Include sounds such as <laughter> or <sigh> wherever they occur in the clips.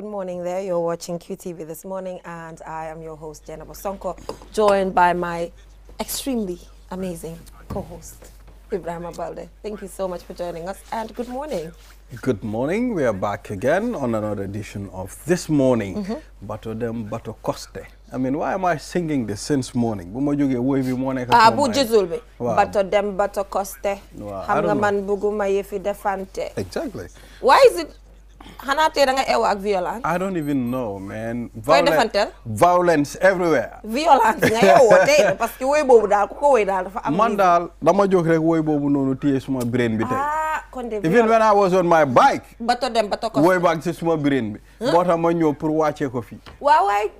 good morning there. You're watching QTV this morning, and I am your host, Jenna Bosonko, joined by my extremely amazing co host, Ibrahim Abalde. Thank you so much for joining us, and good morning. Good morning. We are back again on another edition of This Morning, mm -hmm. Dem Bato Coste. I mean, why am I singing this since morning? Bu ma jógee ah bujizulbe. bato dem bato koste xam nga yëfi defante exactly why is it xanaa tey da nga eew ak violence. I don't even know man. koy que woy boobu daal ku ko woy daal dafa am. man daal dama jóg rek woy boobu noonu téye suma brain bi tey. Ah, kon de even when I was on my bike. bato dem bato ko woy baag si suma brain bi. moo tax ma ñëw pour wàccee ko fii. waaw waaye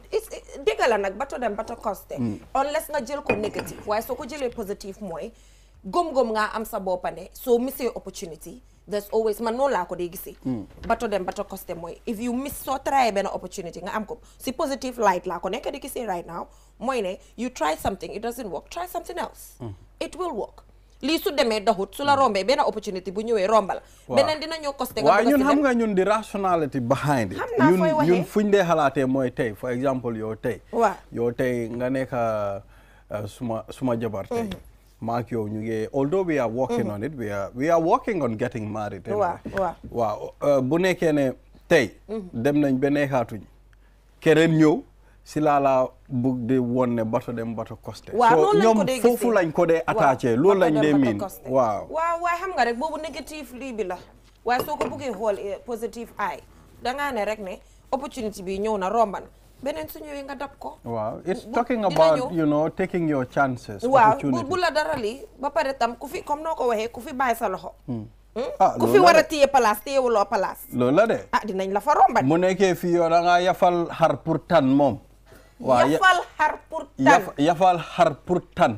dégg la nag bato dem bato costé. Hmm. unless nga jël ko négatif waaye soo ko jëlee positif mooy gom-gom ngaa am sa bopande soo misee opportunity. there's always man noonu laa ko dee gisee. Hmm. bato dem bato costé mooy if you miss soo try benn opportunity nga am ko si positive light laa ko nekk di gisee right now mooy ne you try something it doesn't work try something else. Hmm. it will work. lii su demee doxut su la rombee benn opportunity bu ñëwee rombal. waaw beneen dina ñoo costé. waaw ñun xam nga ñun di rationality behind it. xam naa fooy waxee ñun ñun fuñ dee xalaatee mooy tey for example yow tey. waaw yow tey nga nekk uh, suma suma jabar tey. Mm-hmm. maak yow ñu ngi although we are working mm-hmm. on it we are we working on getting married. Eh? waaw uh, bu nekkee ne tey. Mm-hmm. dem nañ ba neexaatuñ keneen ñëw si laa la bugg di woon ne bato dem bato costé. waaw ñoom lañ ko dee attaché loolu lañ dee miin waaw. waaw waaye xam nga rek boobu négatif lii bi la waaye soo ko buggee xool eh, positive ay da ne rek ne opportunité bi ñëw na romba beneen su ñëwee nga dab ko. waaw it's talking about you know taking your chances. opportunity waaw bu la dara lii ba pare tam ku fi comme noo ko waxee ku fi bàyyi sa loxo. Hmm. Hmm? ah ku fi war a téye place téyewuloo la de. a ah, dinañ la fa mu nekkee fii yow da ngaa yafal xar pour tan moom. waaw yafal xar pour tan yafal xar pour tan.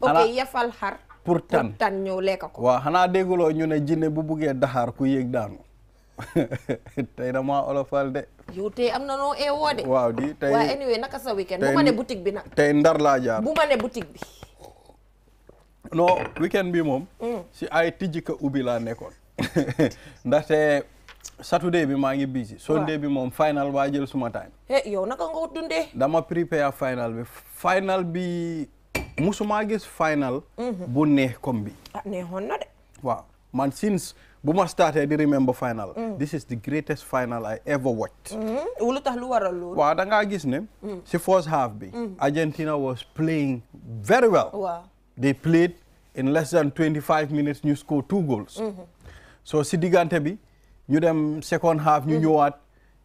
ok yafal xar. pour tan pour ñëw lekk ko. waaw xanaa dégguloo ñu ne jinne bu buggee daxaar ku yéeg daanu. <laughs> tey damaa olofal de. yow am na noo eewoo de. tey naka sa weekend. bu ma ne boutique bi nag. tey ndar laa jaar bu ma ne boutique bi. non weekend bi moom. Hmm. si ay tijji ka ubbi laa nekkoon. <laughs> ndaxte saturday bi maa ngi busy. sunday bi moom final waa jël suma time. eh yow naka nga dundee. dama prepare final bi final bi final. Hmm. bu neex comme bi. ah neexoon de. waaw man since. bu ma startee di remember final. Mm. this is the greatest final I ever watched. Mm-hmm. lu tax lu waral loolu. waaw gis ne. Mm. si first half bi. Mm. Argentina was playing very well. waaw they played in less than twenty five minutes ñu score two goals. Mm-hmm. so si diggante bi ñu dem second half ñu mm-hmm. ñëwaat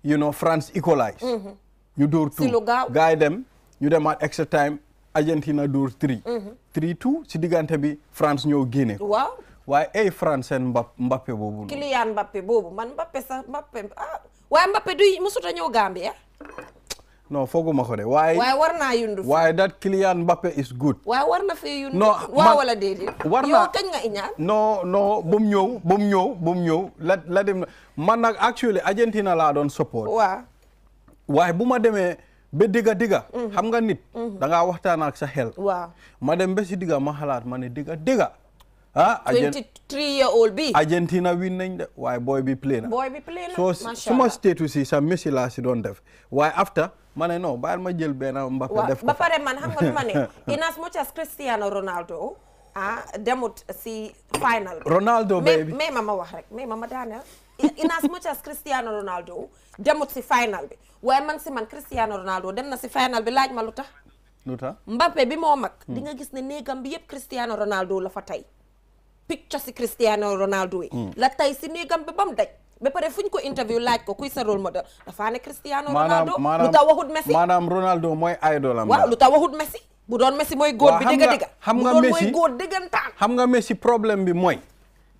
you France equalize. ñu door two gaay dem ñu demaat extra time Argentina door three. two si diggante bi France ñëw génne. wa ay eh, France en Mbappé bobu Kylian Mbappe bobu man Mbappe sa Mbappé ah wa Mbappé du musu a ñëw Gambia. Eh? No fogo ko de waaye. waaye warna yundu fi that Kylian Mbappé is good. waaye warna na fee yundu. non waa wala dede war naa yow nga iñaan. no no bum mu bum bu bum ñëw la la dem man nak actually Argentina la don support. waaw waaye bu ma demee ba digga digga. Mhm. xam nga nit. Mhm. da nga waxtana ak sa xel. wa ma dem be ci diga ma xalat mané diga diga ah three year old bi Argentina win nañ de waaye boy bi play na boy bi play na so suma status yi sa Messi si doon def waaye after ma ne non bàyyil ma jël benn Mbappé def ba pare man xam nga lu ma ne <laughs> in as much as Cristiano Ronaldo ah, demut si final Ronaldo baby mais ma ma wax rek mais ma ma daaneel in as much as si final bi waaye man si man Cristiano Ronaldo dem na si final bi laaj ma lu tax lu tax bi moo mag di nga gis ne néegam bi yëpp Cristiano Ronaldo la fa tey picture si Cristiano Ronaldo yi mm. la tey si néegam bi ba mu daj ba pare fu ñu ko interview laaj ko kuy sa rôle da dafaa ne Cristiano Ronaldo lu tax waxut Messi maanaam Ronaldo mooy idol am lu tax waxut Messi bu doon Messi mooy góor bi dëgga dëgga xam nga Messi mooy góor dëggantaan xam nga Messi problème bi mooy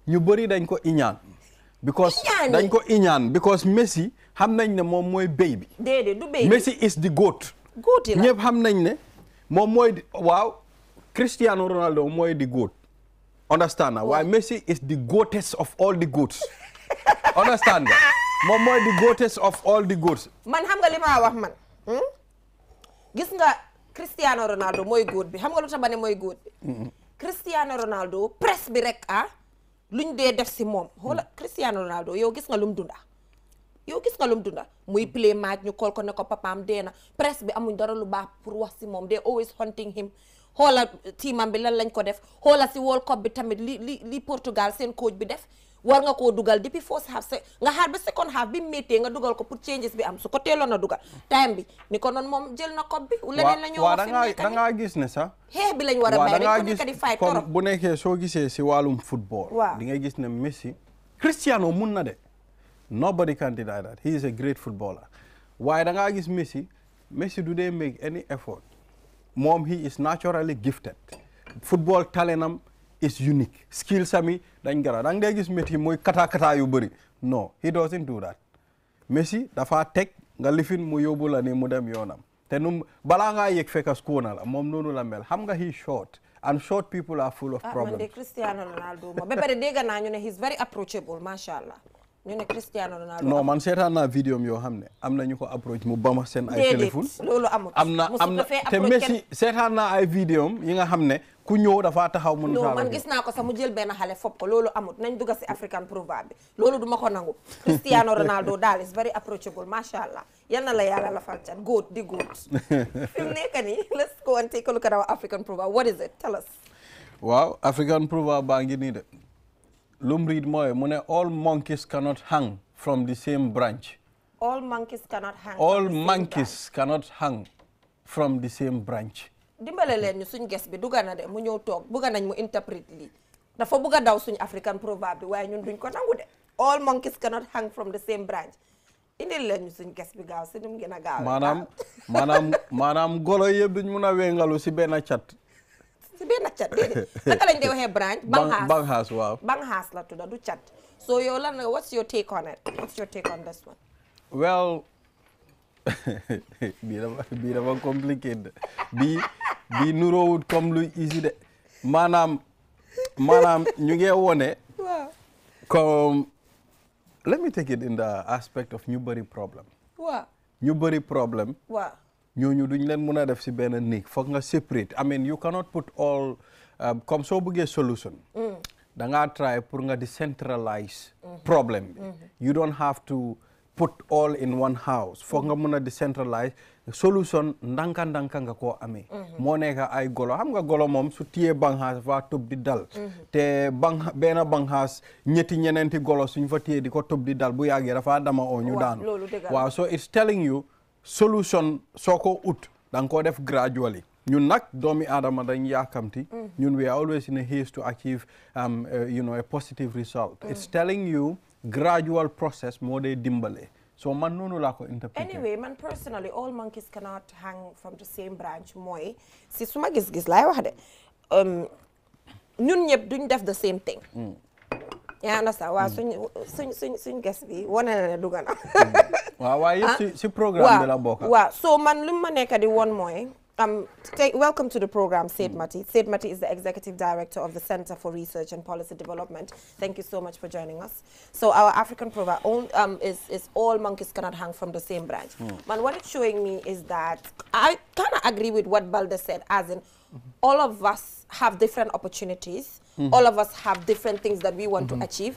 ñu bëri dañ ko iñaan because dañ ko iñaan because Messi xam nañ ne moom mooy béy bi déedéet du béy bi Messi is the goat góoti xam nañ ne moom mooy waaw Cristiano Ronaldo mooy di góot understand na waaye Messi is the goatest of all the goats understand nga moom mooy the goatest of all the goats. man xam nga li ma wax man. Hmm? gis nga Cristiano Ronaldo mooy góot bi xam nga lu tax ma ne mooy góot bi. Cristiano Ronaldo presse bi rek ah, lu ñu dee def si moom xoola Cristiano Ronaldo yow gis nga lum dunda yow gis nga lum dunda muy play match ñu kool ko ne ko papaam dee na presse bi amuñ dara lu baax pour wax si moom they always hunting him xoolal tiimam bi lan lañ ko def xoolal si World Cup bi tamit li li li Portugal seen coach bi def war nga koo dugal depuis first half nga xaar ba second half bi méttee nga dugal ko pour changes bi am su ko teeloon a dugal time bi ni ko noonu moom jël na kob bi leneen la ñoo wax da gis ne sax xeex bi lañ war a bàyyi dañ ko nekk di fay torop bu nekkee soo gisee si wàllum football waaw di nga gis ne Messi Cristiano mun na de nobody can deny that he is a great footballer waaye da ngaa gis Messi Messi du dee make any Mom, he is naturally gifted football talentam is unique skills sami dañ gara da gis Messi mooy kata kata yu no he doesn't do that Messi dafa tek nga lifin mu yóbbu ni mu dem yoonam te num balaa ngaa yëg fekk school na la moom noonu la mel xam nga he short and short people are full of problems. ah man de Cristiano Ronaldo ma ba pare dégg ñu ne he's very approachable mashallah ñu ne Cristiano Ronaldo man seetaan naa vidéo yoo xam ne am na ñu ko approche mu bama seen ay téléphone loolu amul am na am na te Messi ay vidéo yi nga xam ne ku ñëw dafaa taxaw mun non man gis naa ko sax mu jël benn xale fopp ko loolu amut nañ dugga si African proverb bi loolu duma ko nangu <laughs> Cristiano Ronaldo daal is very approachable masha Allah yal na la yàlla la fal cat góot di góot <laughs> fi mu nekk nii let's a waaw African proverb baa ngi nii lum read mooy mu ne all monkeys cannot hang from the same branch. all monkeys cannot hang. all monkeys cannot hang from the same branch. dimbalé len ñu suñ ges bi dugga na de mu ñëw tok bugga nañ mu interpret lii dafa bugga daw suñu African proverb bi waaye ñun duñ ko nangu dé all monkeys cannot hang from the same branch indi len ñu suñ ges bi gaaw suñu gëna gaaw. manam <laughs> manam manam golo yeb duñ mëna wéngalu ci ben chat si benn <laughs> du cat so yow lan nga what's your take on it <laughs> bii dafa bii dafa compliqué comme lu easy de maanaam ñu ngi wone waaw comme let me take it in the aspect of ñu bëri problème waaw ñooñu duñ leen mën a def si benn néeg foog nga separate I mean you cannot put all um, comme soo bëggee solution mm. da ngaa try pour nga decentralize mm-hmm. problème bi mm-hmm. you don't have to put all in one house foog nga mën a decentralize solution ndanka ndanka nga koo amee mm-hmm. moo nekk ay golo xam nga golo moom su tiyee banxaas va tub di dal te ban benn banxaas ñetti ñeneenti golo suñ fa tiyee di ko tub di dal bu yàggee dafa dama oo ñu daanu waaw so it's telling you solution soo ko ut da nga koo def gradually ñun nag doomi aadama dañ yaakamti mm. ñun we are always in a haste to achieve um, uh, you know a positive result it's mm. telling you gradual process moo de dimbale so man noonu laa ko interpréter anyway man personally all monkeys cannot hang from the same branch mooy si suma gis-gis laay wax de um, ñun ñëpp duñ def the same thing mm. yaa ah. understand waaw hmm. suñ suñ suñ suñ ges bi wane na ne dugg na waaw waaye yëpp si programme bi la bokk waaw so man lu ma nekk di one mooy eh? Um, welcome to the program, Said hmm. Mati. Said Mati is the Executive Director of the Center for Research and Policy Development. Thank you so much for joining us. So our African program um, is, is all monkeys cannot hang from the same branch. Mm. Man, what it's showing me is that I kind of agree with what Balda said, as in mm -hmm. all of us have different opportunities -hmm. All of us have different things that we want mm -hmm. to mm-hmm. achieve.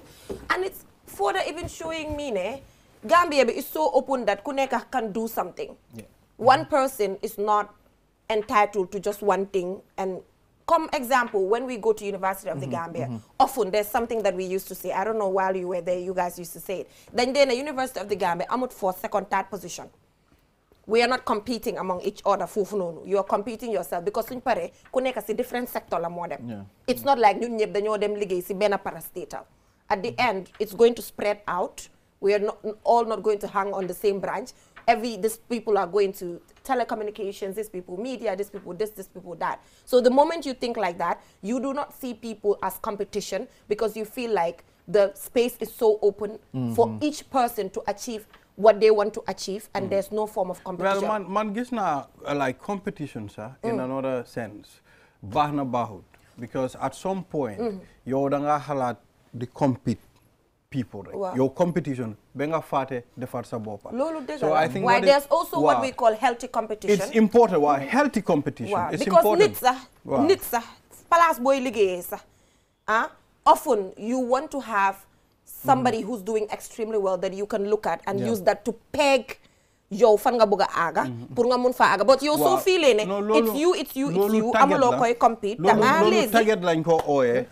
And it's further even showing me, ne, Gambia is so open that Kuneka can do something. Yeah. One person is not entitled to just one thing. And come example, when we go to University of mm -hmm. the mm-hmm. Gambia, mm-hmm. often there's something that we used to say. I don't know while you were there, you guys used to say it. Then then the University of the Gambia, I'm out for second, third position we are not competing among each other you are competing yourself because suñ paree ku nekk si different sector la dem it's not like ñun ñëpp dañoo dem liggéey si benn parastatal at the end it's going to spread out we are not, all not going to hang on the same branch every these people are going to telecommunications these people media these people this this people that so the moment you think like that you do not see people as competition because you feel like the space is so open mm -hmm. for each person to achieve what they want to achieve and mm. there's no form of competition. Well, man, gis na uh, like competition, sir, in mm. another Baax na baaxut because at some point mm. yow da nga xalaat di compete people right? wow. your competition benga faate defar sa bopa lolu so right. i think why there's it, also wow. what we call healthy competition it's important why mm. healthy competition it's because sax sax place boy liggéeye sax ah often you want to have somebody mm. who's doing extremely well that you can look at and yeah. use that to peg yow fan nga bëgg a aaga mhm. pour nga mun faa aaga but yow soo fiilee it's you it's you it's you amuloo koy compete da ngaa lazy loolu target lañ ko ooyee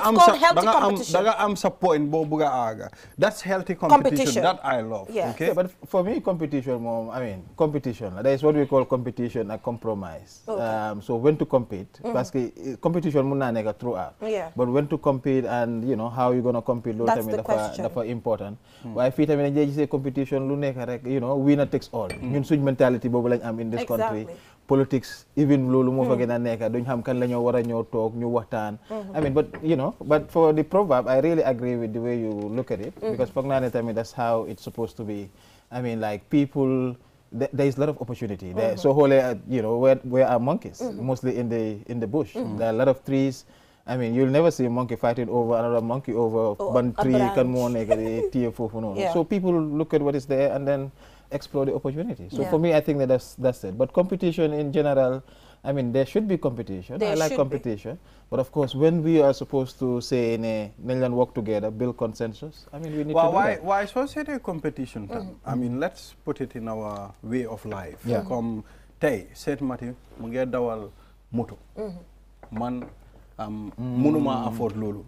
competition da nga am sa point boo bëgg a aaga that's healthy competition that I love okay but for me competition moom I mean competition la that is what we call competition ak compromise um, so when to compete mm-hmm. parce eh, competition mun naa nekk throughout but when to compete and you know how you gonna compete loolu tamit dafa dafa important mm. waaye fii tamit dañ dee gisee competition lu nekk rek you know know winner takes all mm-hmm. ñun suñ mentality boobu lañ am in this country politics even loolu moo fa mm-hmm. gën a nekk duñ xam kan la ñoo war a ñoo toog ñu waxtaan mm-hmm. I mean but you know but for the proverb I really agree with the way you look at it because for naa ne tamit that's how it's supposed to be I mean like people there is a lot of opportunity there. Mm -hmm. So whole, uh, you know, where, where are monkeys? Mm -hmm. Mostly in the in the bush. Mm -hmm. There are a lot of trees. I mean, you'll never see a monkey fighting over another monkey over oh, one tree. Can more like a So people look at what is there and then explore the opportunity. So yeah. for me, I think that that's, that's it. But competition in general, I mean, there should be competition. There I like competition. Be. But of course, when we are supposed to say in a million work together, build consensus, I mean, we need well, to do why, that. Why associate a competition? Mm. I mean, let's put it in our way of life. Yeah. Come, tay, set mati, mungi dawal moto. Mm-hmm. Man, Mm. mënuma afford loolu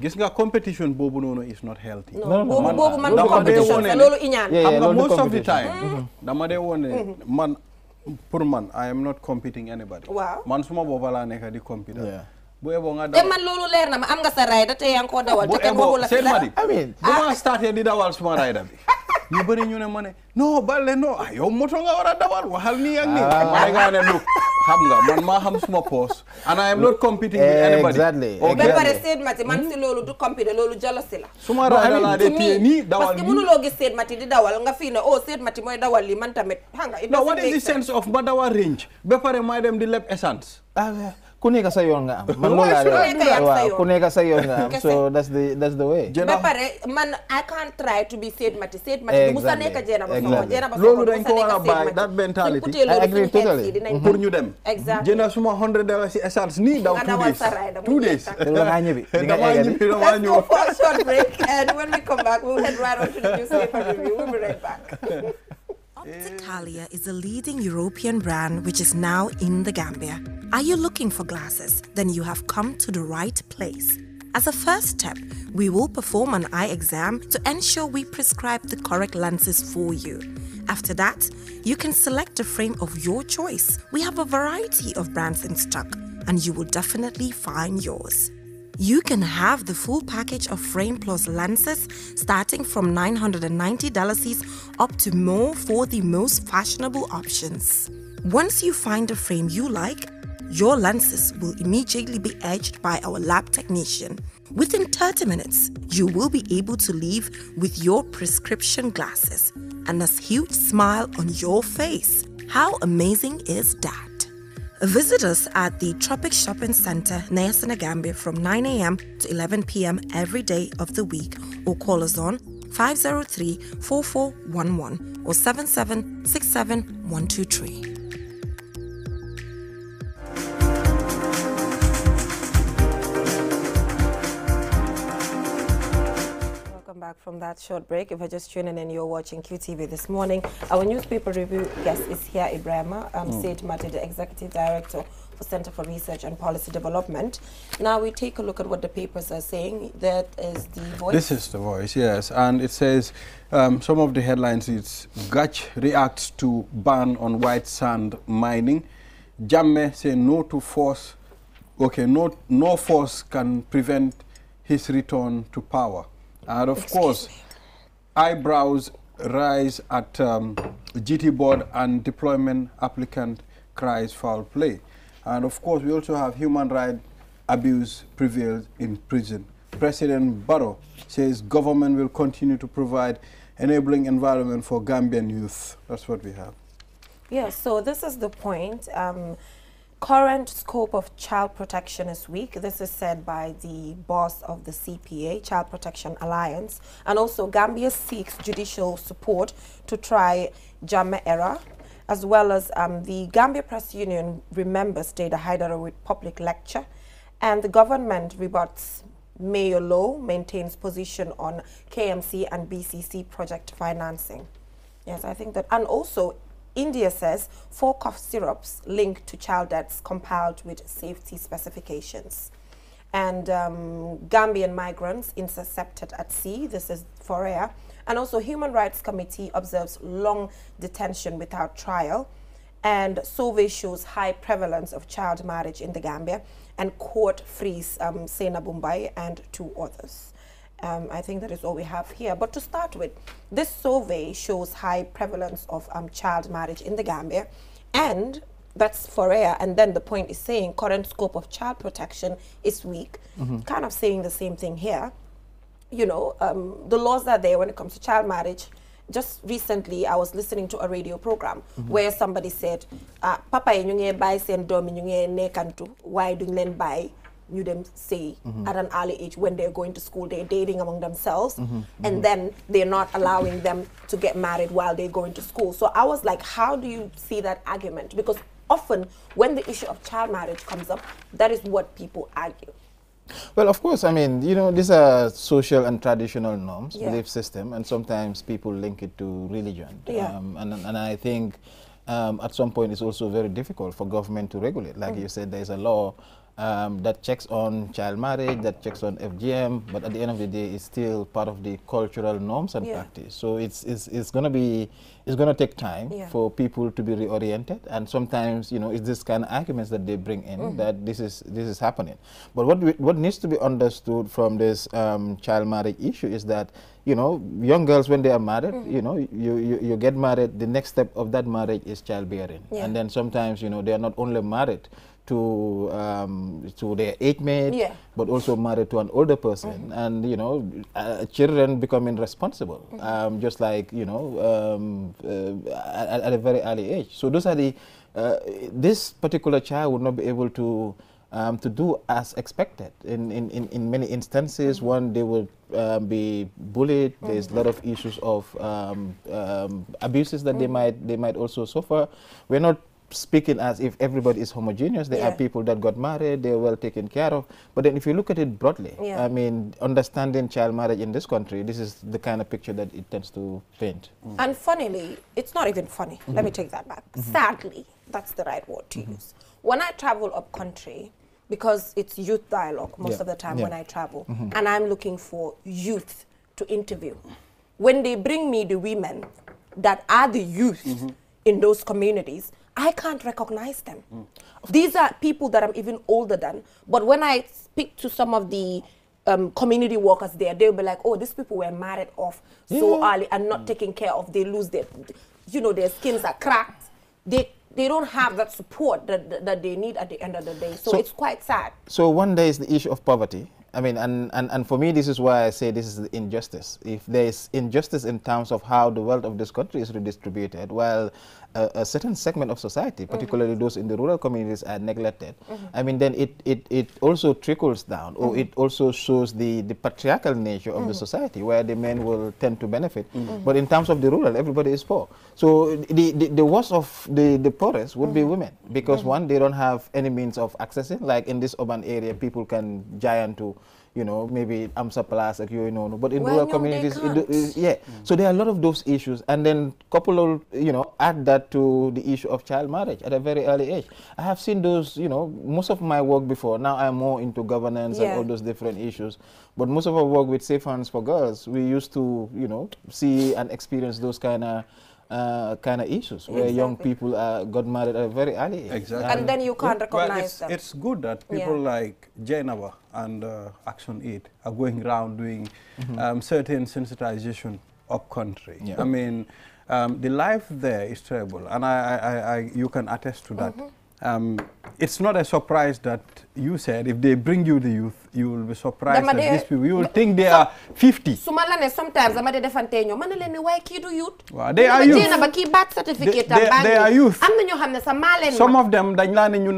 gis nga competition boobu noonu is not healthy boobu man competition sa loolu iñaan xam nga most of the time mm-hmm. dama dee woon ne mm-hmm. man pour man I am not competing anybody man suma booba laa nekk di compete bu eboo nga eh, dawal te man loolu leer na ma am nga sa rider te yaa ngi dawal te kenn la si dara bu eboo seen ma di ah. di dawal suma rider bi <laughs> ñu bëri ñu ne ma ne non Balde non ah yow moto nga war a dawal wa nii ak nii. ah ma nga ne du xam nga man ma xam suma poos. and I am not competing with anybody. pare Seyd Mati man si loolu du compété loolu jalosi la. suma raada laa de téye nii dawal parce que mënuloo gis Seyd Mati di dawal nga fi ne oh Seyd Mati mooy dawal lii man tamit. xam nga it doesn't make sense what is the sense of ma dawal range ba pare may dem di leb essence. Ah, ku nekk sa yoon nga am. <laughs> man loolu laa de ku nekk sa yoon nga am <laughs> so that's the that's the way. ba pare man I can't try to be Said Mati Said Mati. musa nekk jéena ba soxla jéena ba soxla loolu dañ ko war a bàyyi that mentality. I agree totally mm-hmm. pour ñu dem. exactement jéena suma hundred dollars si essence nii daw two days two days. da ngaa ñëbi di nga ñëbi da ngaa ñëw. Let's go for a short break and when we come back we'll head right on to the newspaper review. We'll be right back. <laughs> Opticalia eh. is a leading European brand which is now in the Gambia. Are you looking for glasses? Then you have come to the right place. As a first step, we will perform an eye exam to ensure we prescribe the correct lenses for you. After that, you can select a frame of your choice. We have a variety of brands in stock, and you will definitely find yours you can have the full package of frame plus lenses starting from $990 up to more for the most fashionable options. Once you find a frame you like, your lenses will immediately be edged by our lab technician. Within 30 minutes, you will be able to leave with your prescription glasses and a huge smile on your face. How amazing is that? Visit us at the Tropic Shopping Centre, Nyasanagambe, from 9 a.m. to 11 p.m. every day of the week, or call us on 503 4411 or 7767123. back from that short break. If you're just tuning in, you're watching QTV this morning. Our newspaper review guest is here, Ibrahima um, mm. Said Mate, the Executive Director for Center for Research and Policy Development. Now we take a look at what the papers are saying. That is the voice. This is the voice, yes. And it says um, some of the headlines it's Gach reacts to ban on white sand mining. Jamme say no to force, okay, no, no force can prevent his return to power. And of Excuse course, me. eyebrows rise at um, GT board and deployment applicant cries foul play. And of course, we also have human rights abuse prevails in prison. President Barrow says government will continue to provide enabling environment for Gambian youth. That's what we have. Yeah, so this is the point. Um, current scope of child protection is weak. This is said by the boss of the CPA, Child Protection Alliance. And also Gambia seeks judicial support to try Jama era, as well as um, the Gambia Press Union remembers Data Haidara with public lecture. And the government rebuts Mayor Low maintains position on KMC and BCC project financing. Yes, I think that. And also India says four cough syrups linked to child deaths compiled with safety specifications. And um, Gambian migrants intercepted at sea. This is for air, And also Human Rights Committee observes long detention without trial. And survey shows high prevalence of child marriage in the Gambia. And court frees um, Sena Bumbai and two others. Um, I think that is all we have here. But to start with, this survey shows high prevalence of um, child marriage in the Gambia, and that's for air. And then the point is saying current scope of child protection is weak. Mm -hmm. Kind of saying the same thing here. You know, um, the laws are there when it comes to child marriage. Just recently, I was listening to a radio program mm -hmm. where somebody said, uh, "Papa, you buy send domi you nekantu. Why do you buy?" you them see mm-hmm. at an early age when they're going to school, they're dating among themselves, mm-hmm. and mm-hmm. then they're not allowing them to get married while they're going to school. So I was like, how do you see that argument? Because often when the issue of child marriage comes up, that is what people argue. Well, of course, I mean, you know, these are social and traditional norms, yeah. belief system, and sometimes people link it to religion. Yeah. Um, and, and I think um, at some point it's also very difficult for government to regulate. Like mm. you said, there's a law um, that checks on child marriage, that checks on FGM, but at the end of the day, it's still part of the cultural norms and yeah. practice. So it's, it's, it's going to be, it's going to take time yeah. for people to be reoriented. And sometimes, you know, it's this kind of arguments that they bring in mm -hmm. that this is, this is happening. But what, we, what needs to be understood from this um, child marriage issue is that you know, young girls when they are married, mm -hmm. you know, you, you, you get married, the next step of that marriage is childbearing. Yeah. And then sometimes, you know, they are not only married, to um, to their age mate, yeah. but also married to an older person, mm -hmm. and you know, uh, children becoming responsible, mm -hmm. um, just like you know, um, uh, at, at, a very early age. So those are the uh, this particular child would not be able to. Um, to do as expected. In, in, in, in many instances, mm -hmm. one, they will um, be bullied. There's mm-hmm. a lot of issues of um, abuses that they mm-hmm. might they might also suffer. We're not speaking as if everybody is homogeneous. There yeah. are people that got married, they're well taken care of. But then if you look at it broadly, yeah. I mean, understanding child marriage in this country, this is the kind of picture that it tends to paint. Mm. And funnily, it's not even funny. Mm Let me take that back. Mm -hmm. Sadly, that's the right word to -hmm. use. When I travel up country, because it's youth dialogue most yeah. of the time when I travel, mm-hmm. and I'm looking for youth to interview. When they bring me the women that are the youth mm-hmm. in those communities, I can't recognize them. Mm. These are people that I'm even older than. But when I speak to some of the um, community workers there, they'll be like, oh, these people were married off so early and not mm. taken care of. They lose their, you know, their skins are cracked. They they don't have that support that, that, that they need at the end of the day. So, so, it's quite sad. So one day is the issue of poverty. I mean, and, and, and for me, this is why I say this is the injustice. If there is injustice in terms of how the wealth of this country is redistributed, well, a, a, certain segment of society, mm-hmm. particularly mm -hmm. those in the rural communities, are neglected. Mm -hmm. I mean, then it, it, it also trickles down, or mm -hmm. it also shows the, the patriarchal nature of the mm-hmm. society, where the men will tend to benefit. Mm-hmm. But in terms of the rural, everybody is poor. So the, the, the worst of the, the poorest would be women, because one, they don't have any means of accessing. Like in this urban area, people can giant to you know, maybe Amsa Palace, like you know, but in well, rural no, communities, it, it, yeah. Mm. So there are a lot of those issues, and then couple of you know add that to the issue of child marriage at a very early age. I have seen those, you know, most of my work before. Now I'm more into governance yeah. and all those different issues, but most of our work with Safe Hands for Girls, we used to, you know, see and experience those kind of uh, kind of issues where exactly. young people uh, got married very early Exactly. And, and then you can't yeah. recognize well, it's, them. It's good that people yeah. like Jainaba and uh, Action Aid are going around doing mm -hmm. um, certain sensitization up country. Yeah. I mean, um, the life there is terrible, and I, I, I, you can attest to that. Mm -hmm. Um, it's not a surprise that you said if they bring you the youth, you will be surprised at these people. You will think they are 50. Sometimes I'm at the Fantenio. Man, let me work you do youth. They are youth. They, they, they are youth. Some of them, they learn in a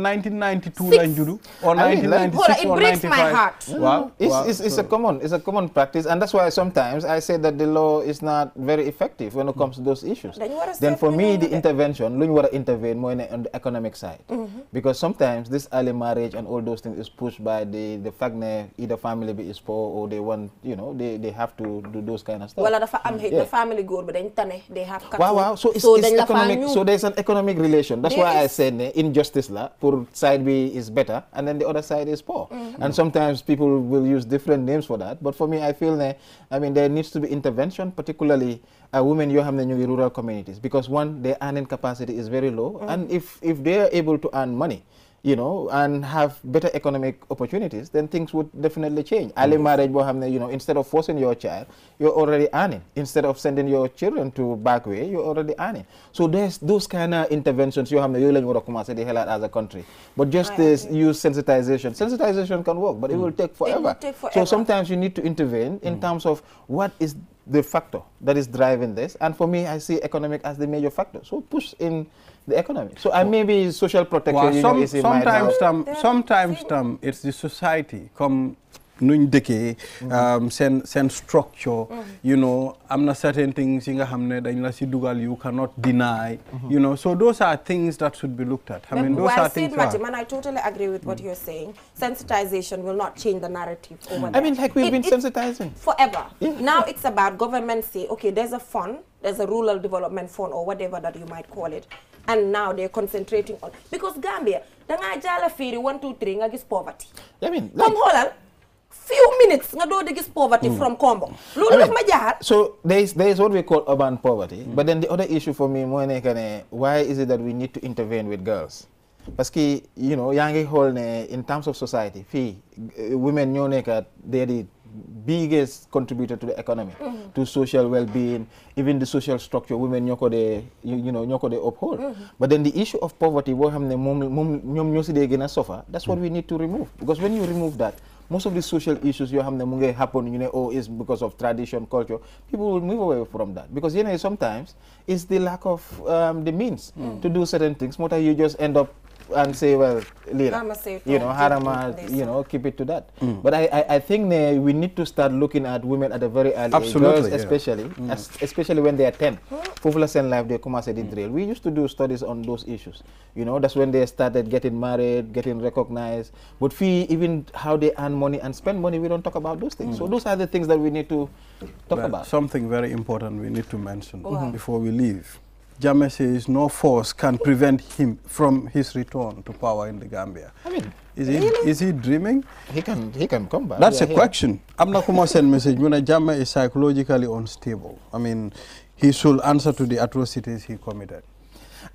common, it's a common practice. And that's why sometimes I say that the law is not very effective when it comes to those issues. Then for me, the intervention, when you want to intervene more on the economic side. Mm -hmm. Because sometimes this early marriage and all those things is pushed by the, the fact that either family is poor or they want, you know, they, they have to do those kind of stuff. Well, mm-hmm. the, fam yeah. the family good, but then they have cut. Wow, wow. So, it's, so, it's economic, so there's an economic relation. That's there why I said uh, injustice, la, for side B is better and then the other side is poor. Mm -hmm. And sometimes people will use different names for that. But for me, I feel that, uh, I mean, there needs to be intervention, particularly women you have in ñu rural communities because one their earning capacity is very low mm. and if if they are able to earn money you know, and have better economic opportunities, then things would definitely change. Mm. Early marriage, you know, instead of forcing your child, you're already earning. Instead of sending your children to back way, you're already earning. So there's those kind of interventions you have to hell out as a country. But just I this agree. use sensitization. Sensitization can work, but mm. it will take forever. Will take forever. So sometimes you need to intervene in mm. terms of what is the factor that is driving this. And for me, I see economic as the major factor. So push in the economy. So I maybe social protection well, some, sometimes, um, sometimes, sometimes um, it's the society come nuñ dëkkee mhm. um, seen seen structure mhm. you know a na certain things yi nga xam ne dañ la si dugal you cannot deny mhm. you know so those are things that should be looked at I mean those are things and I totally agree with what you're saying sensitization will not change the narrative over mm. there I mean like we've been sensitizing forever now it's about government say there's a fund there's a rural development fund or whatever that you might call it and now they're concentrating on because Gambia da ngaa jaala fiiri one two three nga gis poverty comme xoolal few minutes nga doon di gis poverty mm. from Kombo. loolu daf ma jaaxal. so there is there is what we call urban poverty. Mm. but then the other issue for me mooy nekk ne why is it that we need to intervene with girls. parce que you know yaa ngi xool ne in terms of society fii eh, women ñoo nekk they di biggest contributor to the economy. Mm-hmm. to social well-being even the social structure women ñoo ko dee you know ñoo ko dee uphold. Mm-hmm. but then the issue of boo xam ne moom moom ñoom ñoo si dee gën a suffer that's what mm. we need to remove because when you remove that. most of the social issues you have in the ngay happen you know, oh is because of tradition culture people will move away from that because you know sometimes it's the lack of um, the means hmm. to do certain things What are you just end up and say, well, later, you know, harama, you know, keep it to that. Mm. But I, I, I, think uh, we need to start looking at women at a very early Absolutely, age, yeah. especially, mm. as, especially when they are 10. Fufula Sen Life, they come as a drill. We used to do studies on those issues. You know, that's when they started getting married, getting recognized. But fee, even how they earn money and spend money, we don't talk about those things. Mm. So those are the things that we need to talk about. Something very important we need to mention before we leave Jammeh says no force can prevent him from his return to power in the Gambia. I mean, is he really? is he dreaming? He can he can come back. That's yeah, a question. I'm not going to send message. Muna Jammeh is psychologically unstable. I mean, he should answer to the atrocities he committed.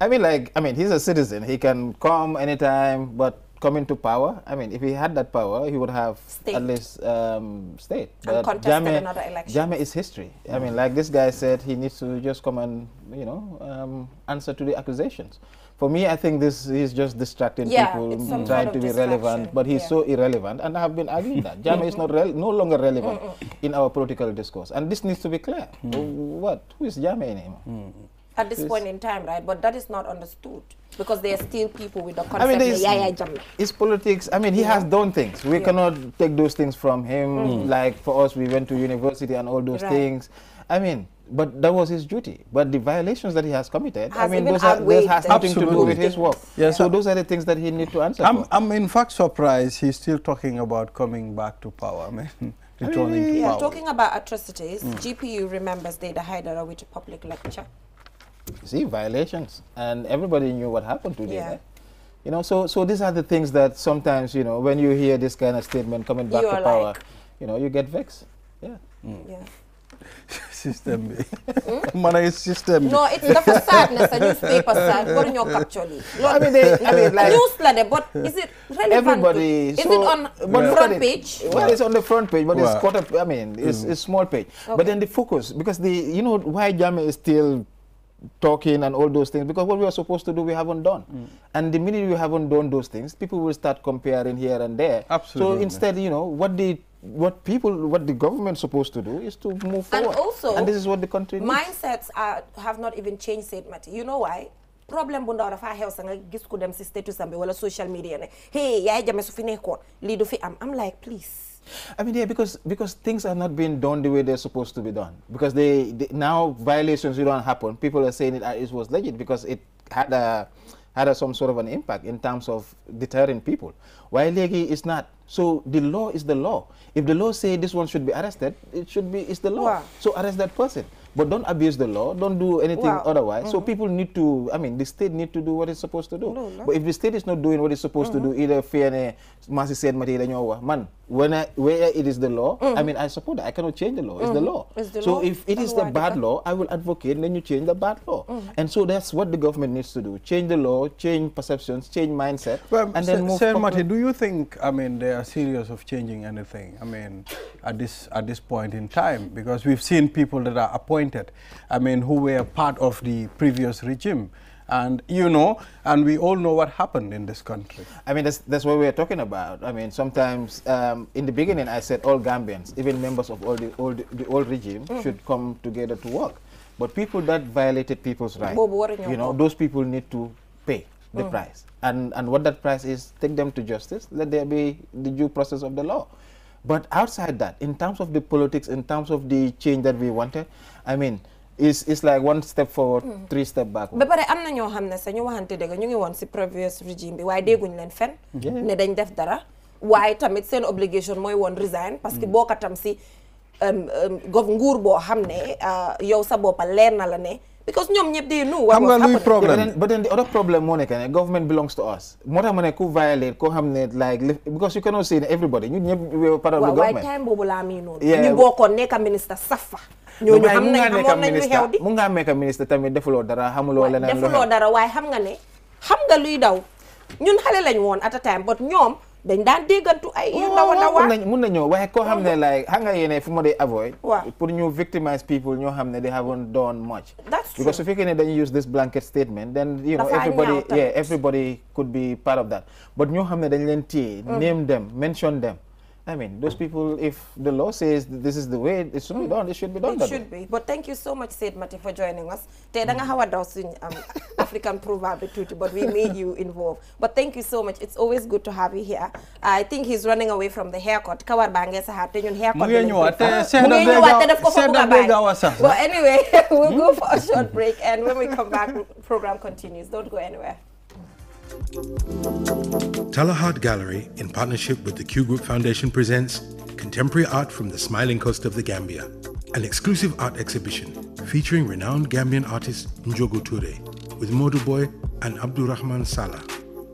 I mean, like I mean, he's a citizen. He can come anytime, but come into power, I mean, if he had that power, he would have state. at least um, state. But and contested Jame, another election. Jame is history. Mm. I mean, mm. like this guy said, he needs to just come and, you know, um, answer to the accusations. For me, I think this is just distracting yeah, people, mm, trying to be relevant, but he's yeah. so irrelevant, and I have been arguing that. <laughs> Jame is not no longer relevant in our political discourse, and this needs to be clear. Mm. What? Who is Jame anymore? Mm. At this point in time, right? But that is not understood. Because there are still people with the concept I mean, is, It's politics. I mean, he yeah. has done things. We yeah. cannot take those things from him. Mm. Like for us, we went to university and all those right. things. I mean, but that was his duty. But the violations that he has committed, has I mean, those, are, those has nothing to do with his work. Yeah. so those are the things that he need to answer. I'm, for. I'm in fact surprised he's still talking about coming back to power. I mean, <laughs> returning to yeah. power. Talking about atrocities, mm. GPU remembers Data Hyderabad with a public lecture. See, violations. And everybody knew what happened today. Yeah. Right? You know, so, so these are the things that sometimes, you know, when you hear this kind of statement coming back you to power, like you know, you get vexed. Yeah. Mm. Yeah. <laughs> system bi hmm? <laughs> man ay système bi. non it dafa sad ne sa newspaper sad your capture lii. I mean they I mean like news but is it relevant everybody is it on front page. well it's on the front page but it's quarter I mean it's hmm. it's small page. but then the focus because the you know why Yami is still talking and all those things because what we are supposed to do we haven't done mm. and the minute you haven't done those things people will start comparing here and there absolutely so instead you know what the what people what the government's supposed to do is to move and forward also and this is what the country mindsets needs. are have not even changed said Mati. you know why Problem bunda ndaw dafa xew sa nga gis dem si status am wala social media ne hey yaay jame su fi nekkoon lii am like please I mean, yeah, because because things are not being done the way they're supposed to be done. Because they, they now violations don't happen. People are saying it, it was legit because it had a had a, some sort of an impact in terms of deterring people. While Legi is not. So the law is the law. If the law say this one should be arrested, it should be it's the law. Wow. So arrest that person. But don't abuse the law. Don't do anything well, otherwise. Mm -hmm. So mm-hmm. people need to, I mean, the state need to do what it's supposed to do. No, no. But if the state is not doing what it's supposed mm -hmm. to do, mm-hmm. either fair and Masi man, when I, where it is the law, mm -hmm. I mean, I support that. I cannot change the law. It's the mm-hmm. law. It's the so law. if it is the bad uh, law, I will advocate, then you change the bad law. Mm. And so that's what the government needs to do. Change the law, change perceptions, change mindset. Well, and then move Sir Mati, do you think, I mean, they are serious of changing anything? I mean, at this, at this point in time, because we've seen people that are appointed appointed, I mean, who were part of the previous regime. And you know, and we all know what happened in this country. I mean, that's, that's what we are talking about. I mean, sometimes um, in the beginning, I said all Gambians, even members of all the old, the old regime, mm. should come together to work. But people that violated people's rights, you know, those people need to pay the mm. price. And, and what that price is, take them to justice, let there be the due process of the law. But outside that, in terms of the politics, in terms of the change that we wanted, I mean it's it's like one step forward mm. three step ba pare am na ñoo xam ne sax ñu waxante dëgg ñu ngi woon si previous régime bi waaye mm. dégguñu leen fen ne dañ def dara waaye tamit seen obligation mooy woon resign parce que boo ko tam si nguur boo xam ne uh, yow sa boppa leer na la ne because ñoom ñëpp day nu xam nga luy problème then the other problem moo nekk ne government belongs to us moo tax ma ne ku violate koo xam ne like because you cannot say everybody ñu bokkoon ñooñu xam nañ xamoon nañ lu xew di mu nga amee ka ministre tamit defuloo dara xamuloo leneen defuloo dara waaye xam nga ne xam nga luy daw ñun xale lañ woon at a time but ñoom dañ daan déggantu ay yu oh, ndaw a mun na ñëw waaye koo xam ne like xam nga fu ma dee avoid pour ñu victimize people ñoo xam ne they haven't doon much that's true because su fekkee ne dañu use this blanket statement then you know everybody yeah everybody could be part of that but ñoo xam ne dañ leen téye mm. name them mention them I mean, those people, if the law says this is the way it should be done, it should should be. But thank you so much, Said Mati, for joining us. Te danga hawa daw um, <laughs> suñ African proverb tutu, but we made you involved. But thank you so much. It's always good to have you here. I think he's running away from the haircut. Kawar ba ngeen sa xaar te ñun haircut. Mu ngi ñëwaat te daf ko fa bëgg a bàyyi. But anyway, <laughs> we'll go for a <laughs> short break and when we come back, program continues. Don't Talahard Gallery, in partnership with the Q Group Foundation, presents Contemporary Art from the Smiling Coast of the Gambia, an exclusive art exhibition featuring renowned Gambian artist Njogo Ture with Moduboy and Abdurrahman Salah.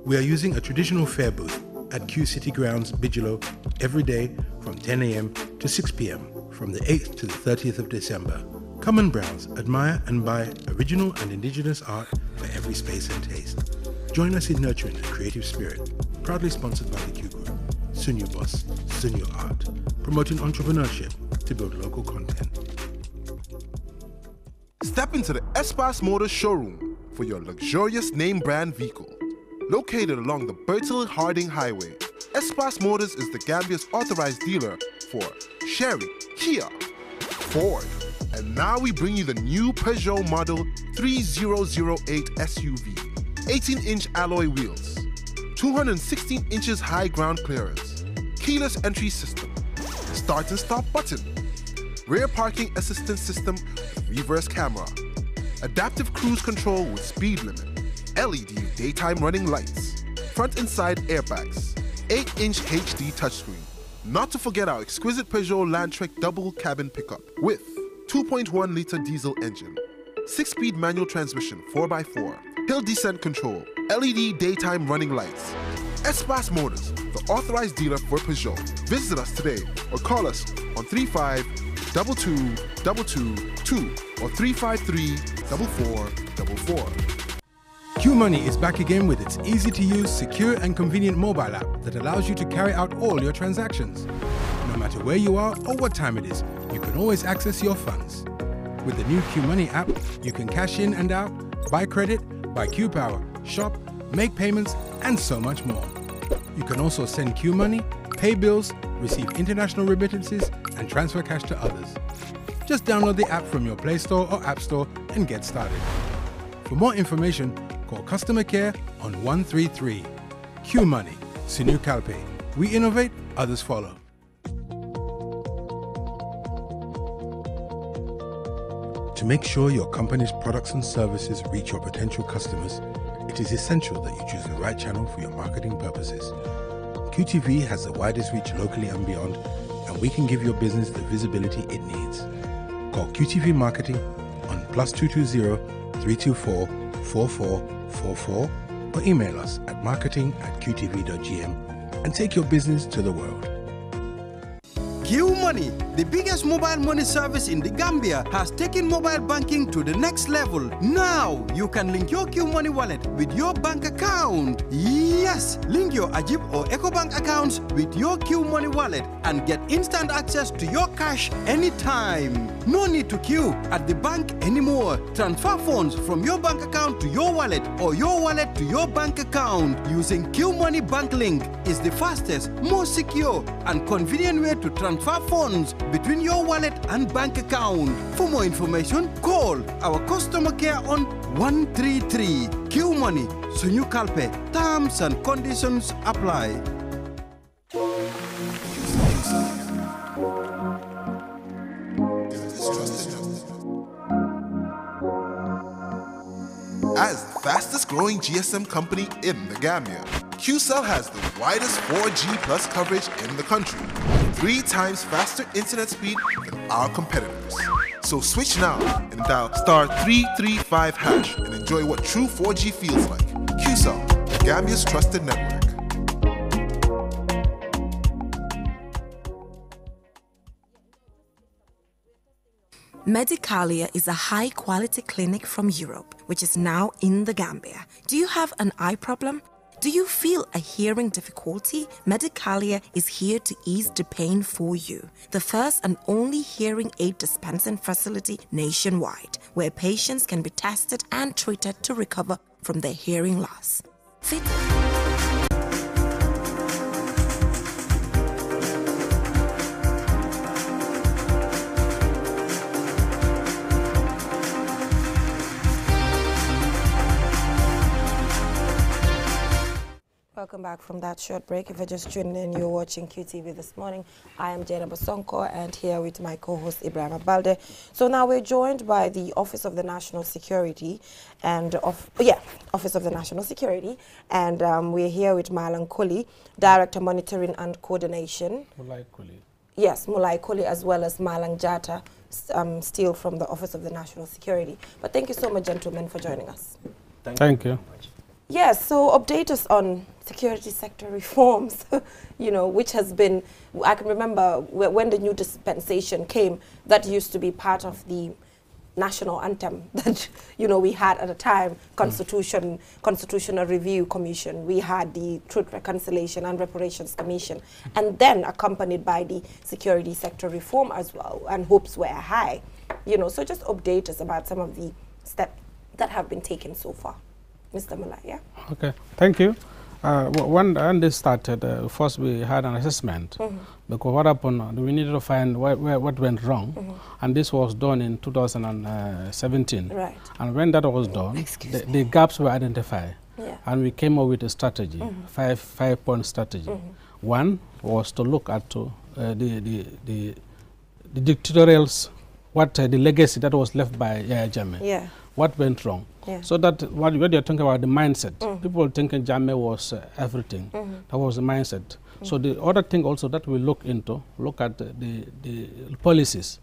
We are using a traditional fair booth at Q City Grounds, Bigelow, every day from 10 a.m. to 6 p.m. from the 8th to the 30th of December. Come and browse, admire, and buy original and indigenous art for every space and taste. Join us in nurturing the creative spirit, proudly sponsored by the Q Group, Sunyu Boss, Sunyu Art, promoting entrepreneurship to build local content. Step into the Espas Motors showroom for your luxurious name brand vehicle. Located along the Bertil Harding Highway, Espas Motors is the Gambia's authorized dealer for Sherry, Kia, Ford, and now we bring you the new Peugeot model 3008 SUV. 18-inch alloy wheels, 216 inches high ground clearance, keyless entry system, start and stop button, rear parking assistance system reverse camera, adaptive cruise control with speed limit, LED daytime running lights, front and side airbags, 8-inch HD touchscreen. Not to forget our exquisite Peugeot Landtrek double cabin pickup with 2.1 litre diesel engine, 6-speed manual transmission 4x4, hill descent control, LED daytime running lights. Espace Motors, the authorized dealer for Peugeot. Visit us today or call us on 35 222 or 353 Q QMoney is back again with its easy to use, secure, and convenient mobile app that allows you to carry out all your transactions. No matter where you are or what time it is, you can always access your funds. With the new QMoney app, you can cash in and out, buy credit, by QPower, shop, make payments, and so much more. You can also send Q money, pay bills, receive international remittances, and transfer cash to others. Just download the app from your Play Store or App Store and get started. For more information, call customer care on 133. Q Money, Sinu Calpe. We innovate, others follow. To make sure your company's products and services reach your potential customers, it is essential that you choose the right channel for your marketing purposes. QTV has the widest reach locally and beyond, and we can give your business the visibility it needs. Call QTV Marketing on plus 220 324 4444 or email us at marketing at qtv.gm and take your business to the world. Q Money, the biggest mobile money service in the Gambia, has taken mobile banking to the next level. Now, you can link your Q Money wallet with your bank account. Yes, link your Ajib or EcoBank accounts with your Q Money wallet and get instant access to your cash anytime. No need to queue at the bank anymore. Transfer funds from your bank account to your wallet or your wallet to your bank account using Q Money Bank Link is the fastest, most secure, and convenient way to transfer funds funds between your wallet and bank account. For more information, call our customer care on 133 Q Money, Sunyu calpe. Terms and conditions apply. As the fastest growing GSM company in the Gambia. QCell has the widest 4G plus coverage in the country, three times faster internet speed than our competitors. So switch now and dial star 335 hash and enjoy what true 4G feels like. QCell, Gambia's trusted network. Medicalia is a high quality clinic from Europe, which is now in the Gambia. Do you have an eye problem? Do you feel a hearing difficulty? Medicalia is here to ease the pain for you. The first and only hearing aid dispensing facility nationwide, where patients can be tested and treated to recover from their hearing loss. Fit Welcome back from that short break. If you're just tuning in, you're watching QTV this morning. I am Jenna Basonko and here with my co-host Ibrahim Abalde. So now we're joined by the Office of the National Security and of yeah, Office of the National Security, and um, we're here with Marlon Koli, Director Monitoring and Coordination. Mulai Yes, Mulai Koli as well as Marlon Jata, um, still from the Office of the National Security. But thank you so much, gentlemen, for joining us. Thank, thank you. you. Yes, so update us on security sector reforms, <laughs> you know, which has been, I can remember when the new dispensation came, that used to be part of the national anthem <laughs> that you know we had at the time hmm. constitution mm. constitutional review commission we had the truth reconciliation and reparations commission and then accompanied by the security sector reform as well and hopes were high you know so just update us about some of the steps that have been taken so far mr malaya okay thank you uh, when, when this started, uh, first we had an assessment mm -hmm. because what happened, uh, we needed to find wh wh what went wrong, mm -hmm. and this was done in 2017. Uh, right. And when that was done, the, the, gaps were identified, yeah. and we came up with a strategy, mm -hmm. five five point strategy. Mm-hmm. One was to look at uh, the, the, the the dictatorials, what uh, the legacy that was left by Germany. Yeah what went wrong. Yeah. So that what you're talking about the mindset. Mm People thinking Jame was uh, everything. Mm -hmm. That was the mindset. Mm So the other thing also that we look into, look at the, the, policies,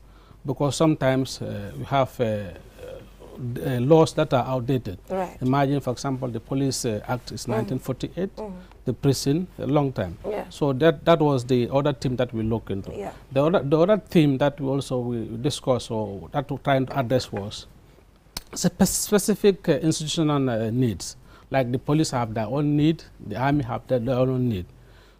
because sometimes uh, we have uh, uh, laws that are outdated. Right. Imagine, for example, the Police uh, Act is 1948, mm-hmm. mm-hmm. the prison, a long time. Yeah. So that that was the other theme that we look into. Yeah. The other the other theme that we also we discussed or that we trying to address was specific uh, institutional uh, needs. Like the police have their own need, the army have their, own need.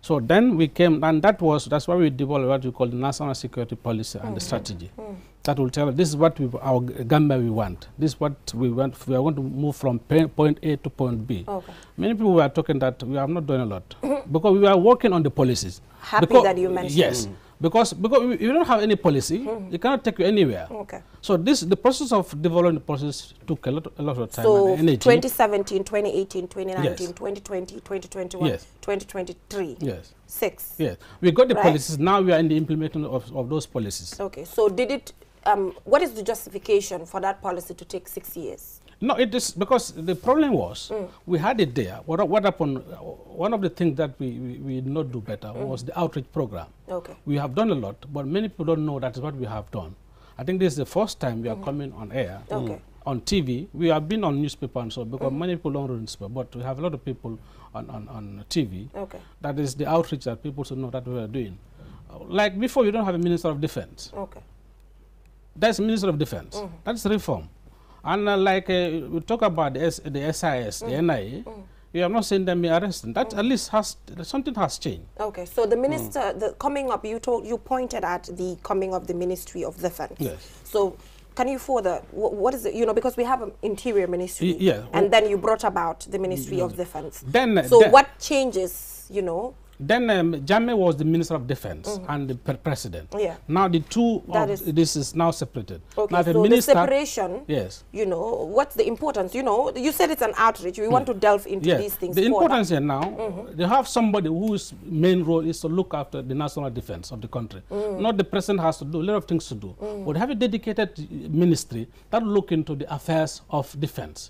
So then we came, and that was that's why we developed what we call the national security policy mm. and the mm-hmm. strategy. Mm. That will tell us this is what we, our government we want. This is what we want. We are going to move from point A to point B. Okay. Many people were talking that we are not doing a lot <laughs> because we are working on the policies. Happy because, that you mentioned. Yes. Mm. Because, because if you don't have any policy, mm -hmm. it cannot take you anywhere. Okay. So this the process of developing the process took a lot, a lot of time so and energy. 2017, 2018, 2019, yes. 2020, 2021, yes. 2023. Yes. Six. Yes. We got the right? policies. Now we are in the implementation of, of those policies. Okay. So did it, um, what is the justification for that policy to take six years? No, it is because the problem was mm. we had it there. What, what happened? One of the things that we, we, we did not do better mm. was the outreach program. Okay. We have done a lot, but many people don't know that is what we have done. I think this is the first time we are mm. coming on air. Okay. Mm. On TV, we have been on newspaper and so because mm. many people don't read newspaper, but we have a lot of people on, on, on TV. Okay. That is the outreach that people should know that we are doing. Like before, you don't have a Minister of Defense. Okay. That's Minister of Defense. -hmm. That's reform. And uh, like uh, we talk about the, S the SIS, mm. the NIA, mm. we have not seen them be arrested. That mm. at least has something has changed. Okay, so the mm. minister, the coming up, you told you pointed at the coming of the Ministry of Defense. Yes. So. Can you further, what is it, you know, because we have an interior ministry. Y yeah. And then you brought about the Ministry yeah. Mm. of Defense. Then, so then what changes, you know, then um, Jammeh was the Minister of Defense mm -hmm. and the President. Yeah. Now the two, that is, this is now separated. Okay, now the so minister, the separation, yes. you know, what's the importance? You know, you said it's an outreach. We want to delve into these things The importance that. here now, mm -hmm. they have somebody whose main role is to look after the national defense of the country. Mm. Not the President has to do, a lot of things to do. Mm. But have a dedicated ministry that look into the affairs of defense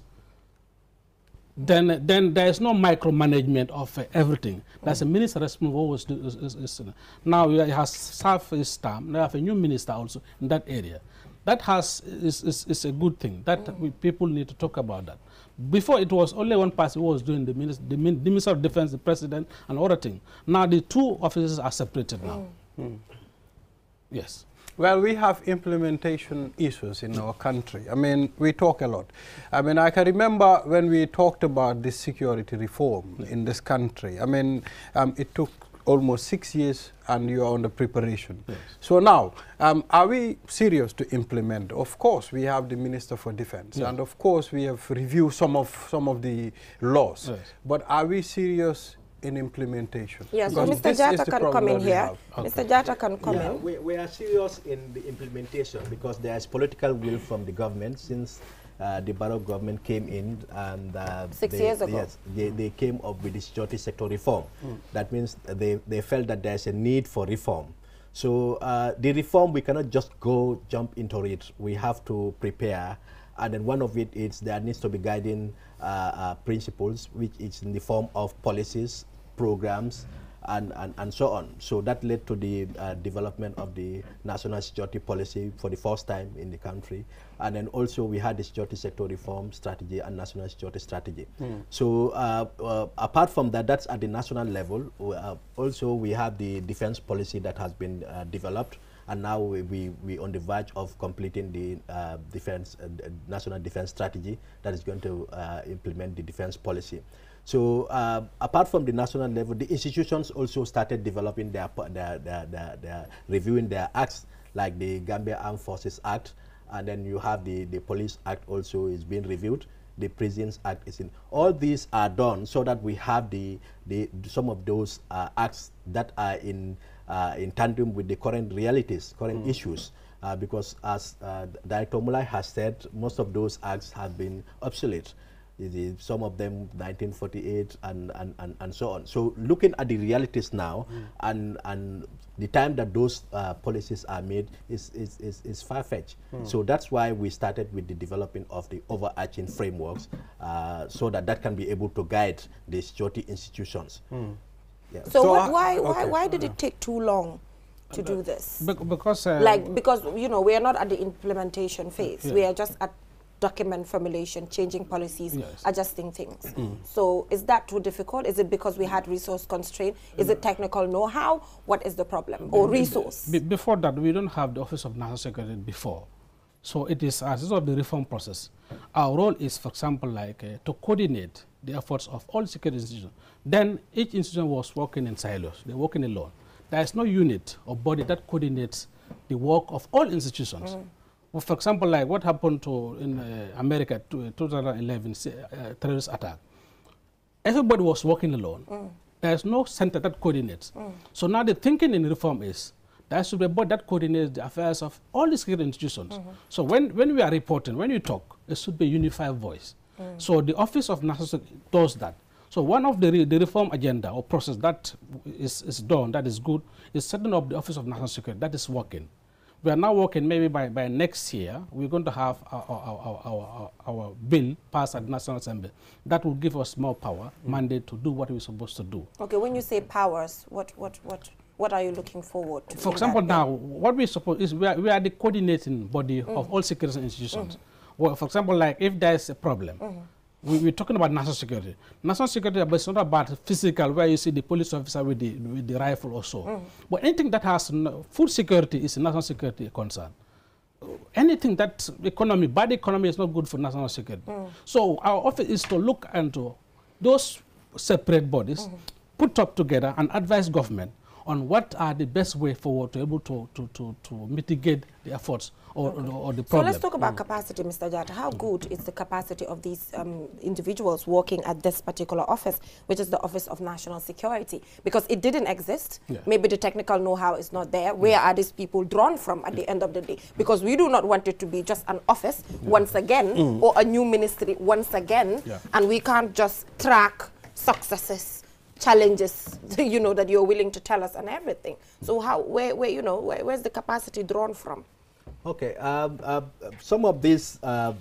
then then there is no micromanagement of uh, everything. That's the oh. minister responsible always do. Is, is, is. Uh, now he has served his term. They have a new minister also in that area. That has is, is, is a good thing. That mm. we, people need to talk about that. Before it was only one person who was doing the minister, the, minister of defense, the president, and other thing. Now the two offices are separated now. Mm. Yes. Well, we have implementation issues in our country. I mean, we talk a lot. I mean, I can remember when we talked about this security reform in this country. I mean, um, it took almost six years and you are on the preparation. Yes. So now, um, are we serious to implement? Of course, we have the Minister for Defense, yes. and of course, we have reviewed some of, some of the laws. Yes. But are we serious in implementation. yes. so Mr. Jata can come in here. Okay. Mr. Jata can come yeah, in. We, we, are serious in the implementation because there is political will from the government since uh, the Barrow government came in and... Uh, Six they, years ago. Yes, they, they came up with the security sector reform. Mm. That means they, they felt that there's a need for reform. So uh, the reform, we cannot just go jump into it. We have to prepare. And then one of it is there needs to be guiding uh, uh, principles, which is in the form of policies programs, and, and, and so on. So that led to the uh, development of the national security policy for the first time in the country. And then also we had the security sector reform strategy and national security strategy. Mm. So uh, uh, apart from that, that's at the national level. Uh, also we have the defense policy that has been uh, developed and now we, we, we on the verge of completing the uh, defense, national defense strategy that is going to implement the defense policy. So uh, apart from the national level, the institutions also started developing their, their, their, their, their reviewing their acts, like the Gambia Armed Forces Act, and then you have the, the Police Act also is being reviewed the Prisons Act is in. All these are done so that we have the, the some of those uh, acts that are in uh, in tandem with the current realities, current mm. issues. Uh, because as uh, Director Mulai has said, most of those acts have been obsolete some of them 1948 and, and, and, and, so on. So looking at the realities now mm. and, and the time that those uh, policies are made is, is, is, is far-fetched. Mm. So that's why we started with the development of the overarching frameworks uh, so that that can be able to guide these security institutions. Mm. Yeah. So, so what, why, okay. why, why did it take too long? to do this? Be because uh, like because you know we are not at the implementation phase. Yeah. We are just at document formulation, changing policies, yes. adjusting things. Mm. So is that too difficult? Is it because we had resource constraint? Is it mm. technical know-how? What is the problem? Or resource? before that, we don't have the Office of National Security before. So it is as of the reform process. Our role is, for example, like uh, to coordinate the efforts of all security institutions. Then each institution was working in silos. They're working alone. There is no unit or body that coordinates the work of all institutions. Mm. Well, for example, like what happened to in uh, America, to, uh, 2011 uh, terrorist attack. Everybody was working alone. Mm. There's no center that coordinates. Mm. So now the thinking in reform is there should be a board that coordinates the affairs of all these security institutions. Mm -hmm. So when, when we are reporting, when you talk, it should be a unified voice. Mm. So the Office of National Security does that. So one of the, re the reform agenda or process that is, is done, that is good, is setting up the Office of National Security. That is working. We are now working maybe by, by next year, we're going to have our, our, our, our, bill passed at National Assembly. That will give us more power, mm. mandate to do what we're supposed to do. Okay, when you say powers, what, what, what, what are you looking forward to? For example, now, what we suppose is we are, we are the coordinating body mm of all security institutions. Mm Well, for example, like if there's a problem, mm -hmm we, are talking about national security. National security, but it's not about physical, where you see the police officer with the, with the rifle or so. Mm. But anything that has no, food security is a national security concern. Anything that economy, bad economy is not good for national security. Mm. So our office is to look into those separate bodies, mm -hmm. put up together and advise government on what are the best way forward to able to, to, to, to mitigate the efforts or, okay. or, the problem. So let's talk about mm. capacity, Mr. Jad. How good is the capacity of these um, individuals working at this particular office, which is the Office of National Security? Because it didn't exist. Yeah. Maybe the technical know-how is not there. Where yeah. are these people drawn from at yeah. the end of the day? Because we do not want it to be just an office once again mm. or a new ministry once again. And we can't just track successes challenges <laughs> you know that you're willing to tell us and everything so how where, where you know where, where's the capacity drawn from okay um, uh, some of these uh,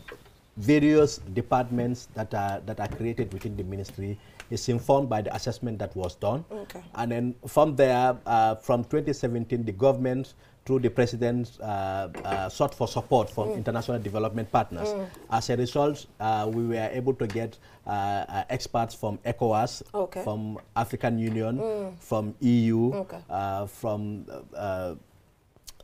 various departments that are that are created within the ministry is informed by the assessment that was done okay. and then from there uh, from 2017 the government through the president's uh, uh, sought for support from mm. international development partners. Mm. As a result, uh, we were able to get uh, uh, experts from ECOWAS, okay. from African Union, mm. from EU, okay. Uh, from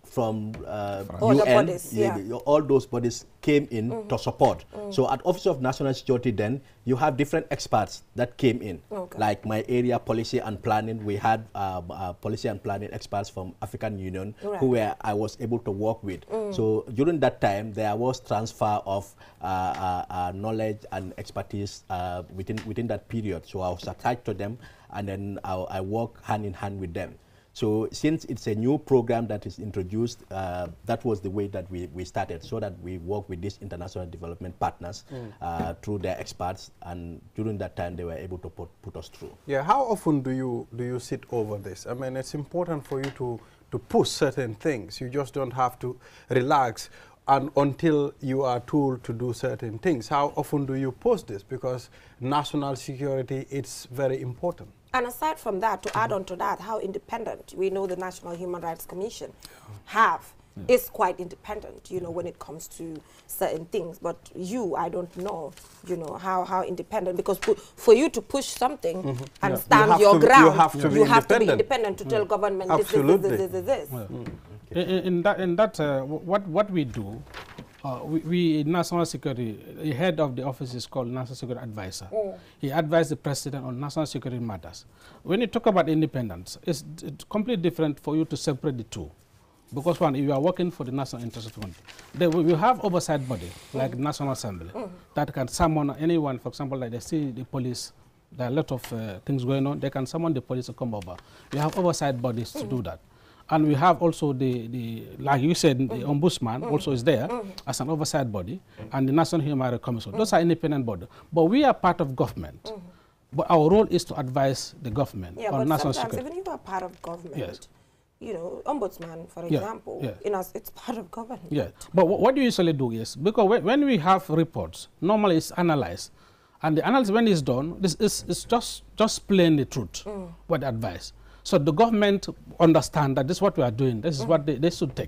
from, uh, UN, bodies, yeah. Yeah, all those bodies came in mm -hmm. to support. Mm. So at Office of National Security then, you have different experts that came in. Oh, okay. Like my area policy and planning, we had uh, uh, policy and planning experts from African Union right. who were, I was able to work with. Mm. So during that time, there was transfer of uh, uh, uh, knowledge and expertise within, within that period. So I was attached to them and then I, I work hand in hand with them. So since it's a new program that is introduced, uh, that was the way that we, we started, so that we work with these international development partners mm. uh, through their experts, and during that time they were able to put, put us through. Yeah, how often do you do you sit over this? I mean, it's important for you to to push certain things. You just don't have to relax and until you are told to do certain things. How often do you post this? Because national security, it's very important. And aside from that, to add on to that, how independent we know the National Human Rights Commission have yeah. is quite independent, you know, when it comes to certain things. But you, I don't know, you know, how, how independent, because for you to push something mm -hmm. and yeah. stand you your ground, you have to, be, have independent. to be independent to yeah. tell mm. government Absolutely. this, this, this, this, this. Mm. In, in, that, in that uh, what, what we do uh, we, we, national security, the head of the office is called national security advisor. Mm. He advises the president on national security matters. When you talk about independence, it's, it's completely different for you to separate the two. Because one, you are working for the national interest of the country. Then we have oversight body, like mm. National Assembly, mm. that can summon anyone, for example, like they see the police, there are a lot of uh, things going on, they can summon the police to come over. You have oversight bodies to do that. And we have also the, the like you said, the mm. ombudsman mm. also is there mm. as an oversight body, and the National Human Rights Commission. Those are mm. independent bodies. But we are part of government. Mm. But our role is to advise the government yeah, on national security. even if you are part of government, yes. you know, ombudsman, for yeah, example, yeah. You know, it's part of government. Yeah. But what do you usually do is, because when, when we have reports, normally it's analyzed. And the analysis, when it's done, this is, it's just, just plain the truth, mm. what advice. So the government understand that this is what we are doing. This is what they, they should take.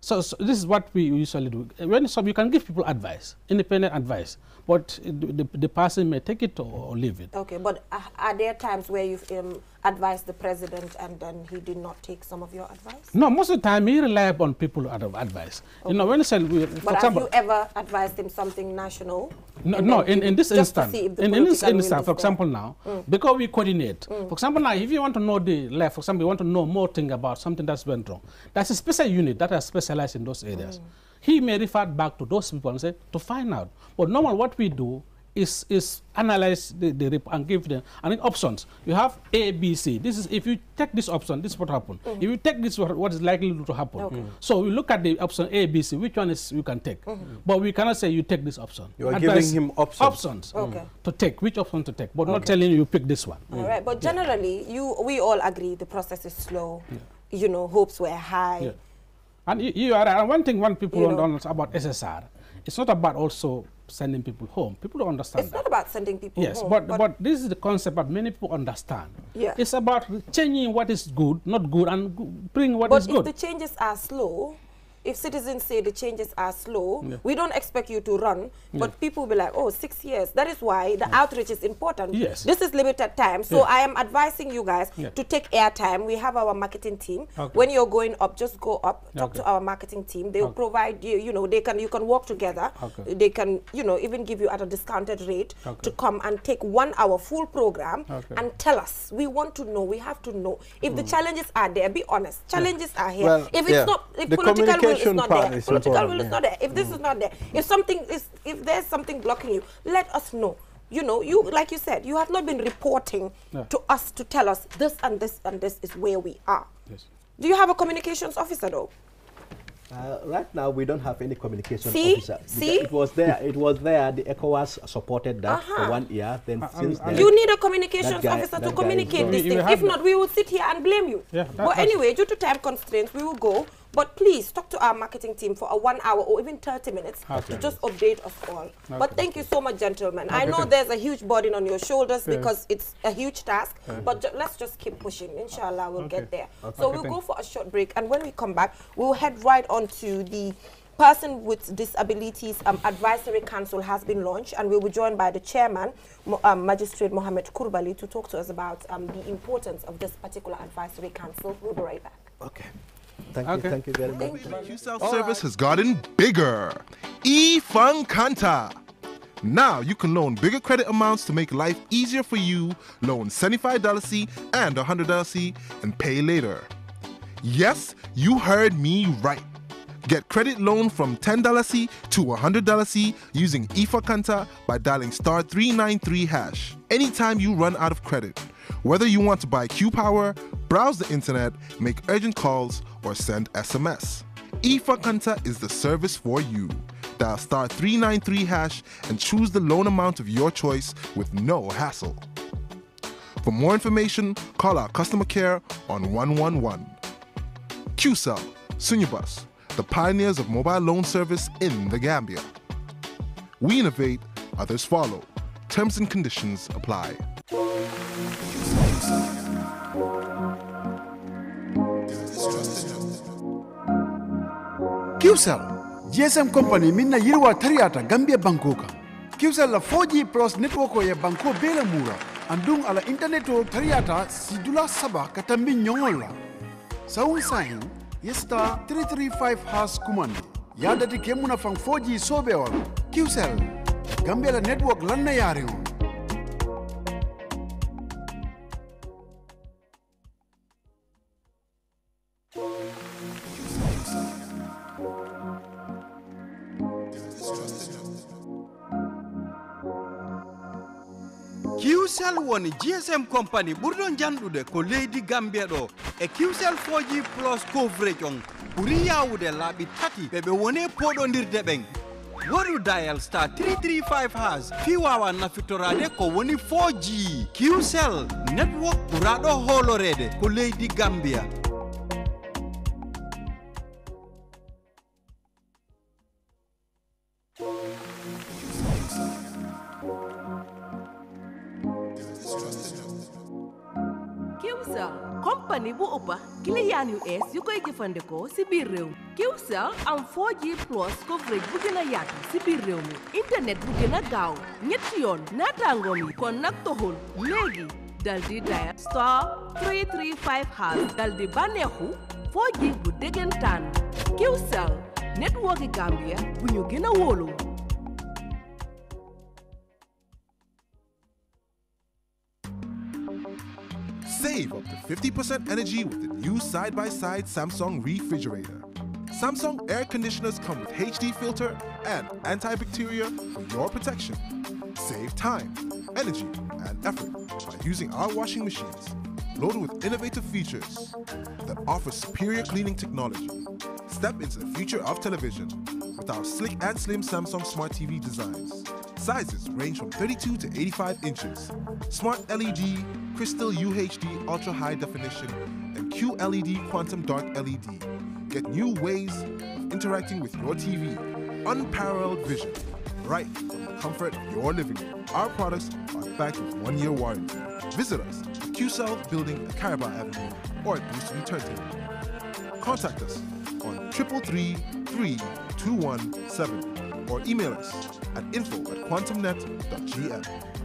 So, so, this is what we usually do. When you can give people advice, independent advice, but the, the, the person may take it or, or leave it. Okay, but are there times where you've um, advise the president and then he did not take some of your advice? No, most of the time he relied on people of advice. Okay. You know, when he said, we, for but example, have you ever advised him something national? No, no in, in this instance, in, in, this instance, for example now, mm. because we coordinate, mm. for example now, if you want to know the left, for example, you want to know more thing about something that's went wrong, there's a special unit that has specialized in those areas. Mm. He may refer back to those people and say, to find out. But normal what we do, is, is analyze the, the report and give them I mean, options. You have A, B, C. This is if you take this option, this is what happened. Mm -hmm. If you take this, what is likely to happen. Okay. Mm -hmm. So we look at the option A, B, C. Which one is you can take? Mm-hmm. Mm -hmm. But we cannot say you take this option. You are giving him options, options okay. Mm. to take. Which option to take? But okay. not telling you you pick this one. All right. But mm. generally, yeah. you we all agree the process is slow. Yeah. You know, hopes were high. Yeah. And you, you, are and one thing, one people you don't know about SSR. It's not about also sending people home. People don't understand. It's that. not about sending people yes, home. Yes, but, but, but this is the concept that many people understand. Yeah. It's about changing what is good, not good, and bring what but is good. But if the changes are slow, if citizens say the changes are slow, yeah. we don't expect you to run, but people will be like, oh, six years. That is why the yeah. outreach is important. Yes. This is limited time. So I am advising you guys to take airtime. We have our marketing team. Okay. When you're going up, just go up, talk okay. to our marketing team. They will okay. provide you, you know, they can you can work together. They can, you know, even give you at a discounted rate to come and take one hour full program and tell us. We want to know, we have to know. If mm. the challenges are there, be honest. Challenges are here. Well, if it's not if the political it's not there, is political important. will is not there. If this mm. is not there, if something is, if there's something blocking you, let us know you know, you like you said, you have not been reporting to us to tell us this and this and this is where we are. Yes. Do you have a communications officer though? Uh, right now, we don't have any communication See? officer. See? It was there. It was there. The ECOWAS supported that uh -huh. for uh-huh. one year. Then uh, since then, you need a communications guy, officer to communicate this thing. If not, we will sit here and blame you. Yeah, that, but anyway, due to time constraints, we will go. But please talk to our marketing team for a one hour or even 30 minutes okay. to just update us all. Okay. But thank you so much, gentlemen. Okay, I know there's a huge burden on your shoulders yes. because it's a huge task, but ju let's just keep pushing. Inshallah, we'll get there. So we'll go for a short break. And when we come back, we'll head right on to the Person with Disabilities um, Advisory Council has been launched and we will be joined by the chairman, um, Magistrate Mohamed Kurbali, to talk to us about um, the importance of this particular advisory council. We'll be right back. Okay. Thank okay. you, thank you very much. The service right. has gotten bigger. E Fun Kanta. Now you can loan bigger credit amounts to make life easier for you. Loan $75 C and $100 C and pay later. Yes, you heard me right. Get credit loan from $10 C to $100 C using IFA Kanta by dialing star 393 hash anytime you run out of credit. Whether you want to buy Q Power, browse the internet, make urgent calls, or send SMS, Kanta is the service for you. Dial star 393 hash and choose the loan amount of your choice with no hassle. For more information, call our customer care on 111. QCell, Sunyabas, the pioneers of mobile loan service in the Gambia. We innovate, others follow. Terms and conditions apply. kiwsal gsm company minna na yiriwa tariyata gambia banko kan la 4g plus network o ya banko bee la andung ala internet o tariyata sidula saba ka tambi ɲɔŋol la sawun sahin 335 has kumandi yadati ke kemunafang 4g sobe wala kiwsal gambia la network lan na qcell woni gsm compagny ɓurɗo janɗude ko leydi gambia ɗo e qcell foji plus couvrage on ɓuri yawude laaɓi tati ɓeɓe woni poɗodirde ɓen waɗu dial star 335 has fi wawa nafitorade ko woni foji qcell network ɓuraɗo hoolorede ko leydi gambia kiliyaan yu ees yu koy jëfandikoo si biir réew mi Qcell am 4G plus coverage bu gën yaatu si biir réew mi internet bu gën gaaw ñetti yoon naataangoom yi kon nag toxul léegi dal di dial star 335 hash dal g bu déggantaan Qcell network Gambia bu ñu gën wóolu Save up to 50% energy with the new side-by-side Samsung refrigerator. Samsung air conditioners come with HD filter and antibacterial for your protection. Save time, energy, and effort by using our washing machines, loaded with innovative features that offer superior cleaning technology. Step into the future of television with our slick and slim Samsung Smart TV designs. Sizes range from 32 to 85 inches. Smart LED, Crystal UHD Ultra High Definition, and QLED Quantum Dark LED. Get new ways of interacting with your TV. Unparalleled vision, right from the comfort of your living room. Our products are backed with one year warranty. Visit us at QCell Building at Caraba Avenue or at Bruce Lee Contact us on 333 or email us at info at quantumnet.gm.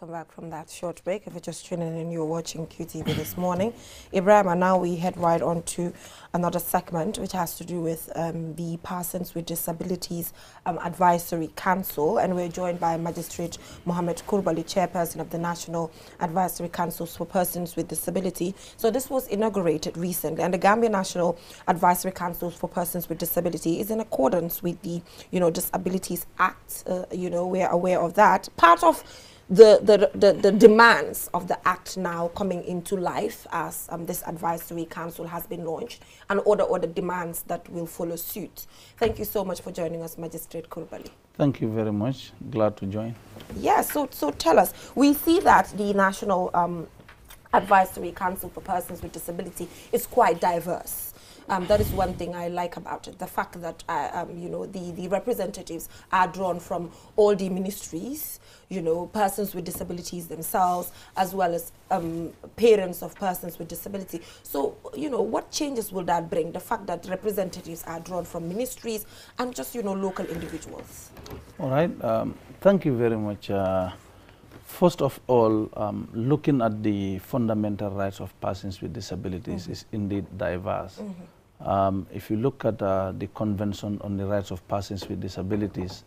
Welcome back from that short break. If you're just tuning in, you're watching QTV this morning. Ibrahim, and now we head right on to another segment, which has to do with um, the Persons with Disabilities um, Advisory Council. And we're joined by Magistrate Mohamed Kurbali, Chairperson of the National Advisory Councils for Persons with Disability. So this was inaugurated recently, and the Gambia National Advisory Councils for Persons with Disability is in accordance with the, you know, Disabilities Act. Uh, you know, we're aware of that. Part of the, the, the, the, demands of the Act now coming into life as um, this advisory council has been launched and all the, other demands that will follow suit. Thank you so much for joining us, Magistrate Kurbali. Thank you very much. Glad to join. Yeah, so, so tell us. We see that the National um, Advisory Council for Persons with Disability is quite diverse. Um, that is one thing I like about it, the fact that, uh, um, you know, the, the representatives are drawn from all the ministries, you know, persons with disabilities themselves, as well as um, parents of persons with disability. So, you know, what changes will that bring? The fact that representatives are drawn from ministries and just, you know, local individuals. All right. Um, thank you very much. Uh, First of all, um, looking at the fundamental rights of persons with disabilities mm -hmm. is indeed diverse. Mm -hmm. Um, if you look at uh, the Convention on the Rights of Persons with Disabilities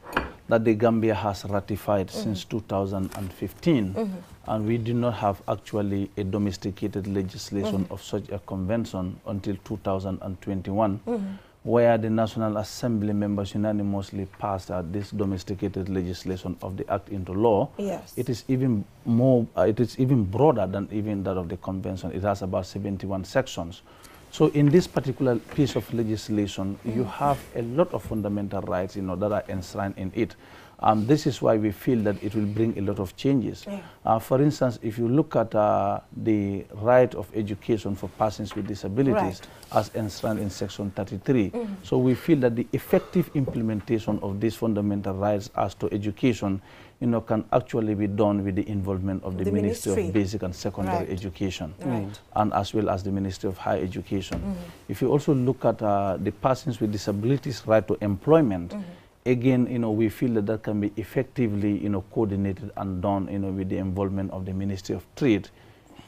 that the Gambia has ratified mm -hmm. since 2015, mm -hmm. and we did not have actually a domesticated legislation mm -hmm. of such a convention until 2021, mm-hmm. where the National Assembly members unanimously passed uh, this domesticated legislation of the Act into law. Yes. It is even more, uh, it is even broader than even that of the convention. It has about 71 sections so in this particular piece of legislation, mm. you have a lot of fundamental rights you know, that are enshrined in it. Um, this is why we feel that it will bring a lot of changes. Yeah. Uh, for instance, if you look at uh, the right of education for persons with disabilities right. as enshrined in Section 33, mm. so we feel that the effective implementation of these fundamental rights as to education you know, can actually be done with the involvement of the, the Ministry. Ministry. of Basic and Secondary right. Education right. Mm-hmm. and as well as the Ministry of Higher Education. Mm -hmm. If you also look at uh, the persons with disabilities right to employment, mm -hmm again, you know, we feel that that can be effectively, you know, coordinated and done, you know, with the involvement of the Ministry of Trade,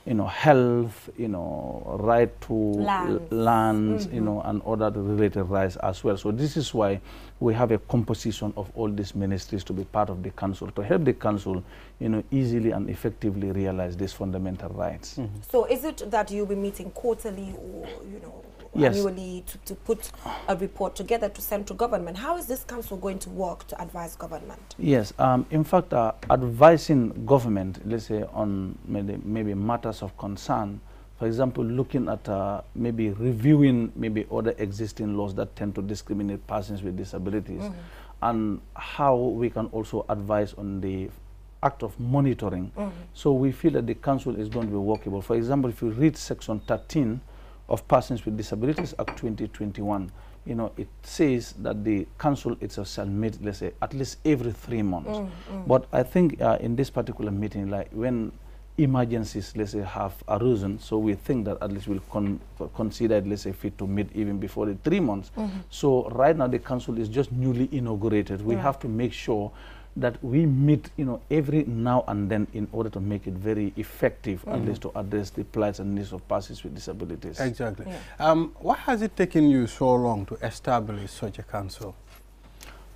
you know, health, you know, right to lands, mm -hmm. you mm-hmm. know, and other related rights as well. So this is why we have a composition of all these ministries to be part of the council, to help the council, you know, easily and effectively realize these fundamental rights. Mm -hmm. So is it that you'll be meeting quarterly or, you know, yes. annually to, to put a report together to send to government. How is this council going to work to advise government? Yes, um, in fact, uh, advising government, let's say, on maybe, maybe matters of concern, for example, looking at uh, maybe reviewing maybe other existing laws that tend to discriminate persons with disabilities mm -hmm. and how we can also advise on the act of monitoring. Mm -hmm. So we feel that the council is going to be workable. For example, if you read section 13 of Persons with Disabilities Act 2021, you know, it says that the council itself shall meet, let's say, at least every three months. Mm, mm. But I think uh, in this particular meeting, like when emergencies, let's say, have arisen, so we think that at least we'll con consider it, let's say, fit to meet even before the three months. Mm -hmm. So right now the council is just newly inaugurated. We yeah. have to make sure that we meet, you know, every now and then in order to make it very effective, mm -hmm. at least to address the plight and needs of persons with disabilities. Exactly. Yeah. Um, why has it taken you so long to establish such a council?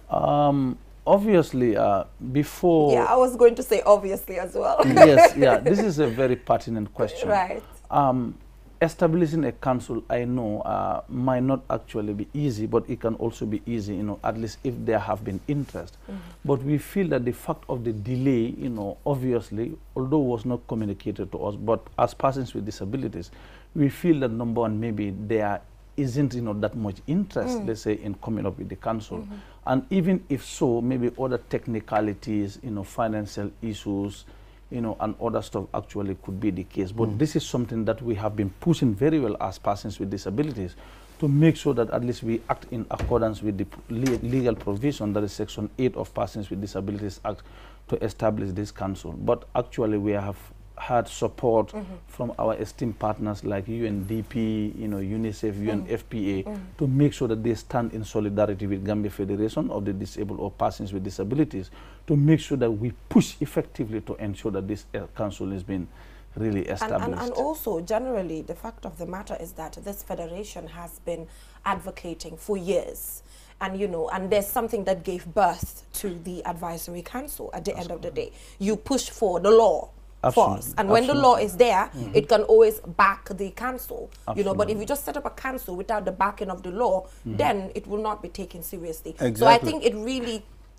Um, obviously, uh, before... Yeah, I was going to say obviously as well. yes, <laughs> yeah, this is a very pertinent question. Right. Um, establishing a council, I know, uh, might not actually be easy, but it can also be easy, you know, at least if there have been interest. Mm -hmm. But we feel that the fact of the delay, you know, obviously, although was not communicated to us, but as persons with disabilities, we feel that number one, maybe there isn't, you know, that much interest, mm. let's say, in coming up with the council. Mm -hmm. And even if so, maybe other technicalities, you know, financial issues, you know, and other stuff actually could be the case. But mm. this is something that we have been pushing very well as persons with disabilities to make sure that at least we act in accordance with the legal provision that is Section 8 of Persons with Disabilities Act to establish this council. But actually we have had support mm -hmm. from our esteemed partners like UNDP, you know, UNICEF, mm-hmm. UNFPA, mm -hmm. to make sure that they stand in solidarity with Gambia Federation of the Disabled or Persons with Disabilities, to make sure that we push effectively to ensure that this council is being really established. And, and, and, also, generally, the fact of the matter is that this federation has been advocating for years. And, you know, and there's something that gave birth to the advisory council at the That's end of the day. You push for the law Absolutely. And Absolutely. when the law is there, mm -hmm. it can always back the council. Absolutely. You know, but if you just set up a council without the backing of the law, mm -hmm. then it will not be taken seriously. Exactly. So I think it really,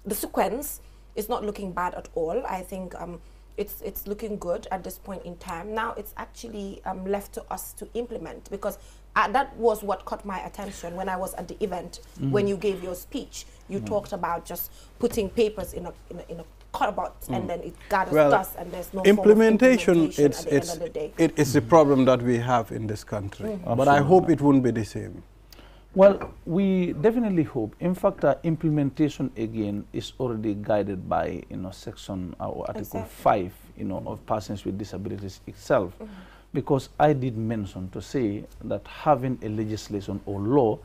the sequence is not looking bad at all. I think um, it's it's looking good at this point in time. Now it's actually um, left to us to implement because uh, that was what caught my attention when I was at the event mm -hmm. when mm-hmm. you gave your speech. You mm -hmm. talked about just putting papers in a, in a, in a about mm. and then it gathers well, and there's no implementation, implementation it's, it's, the It is the problem that we have in this country. Mm But I hope it won't be the same. Well, we definitely hope. In fact, uh, implementation again is already guided by you know section uh, or article exactly. five you know of persons with disabilities itself, mm -hmm. because I did mention to say that having a legislation or law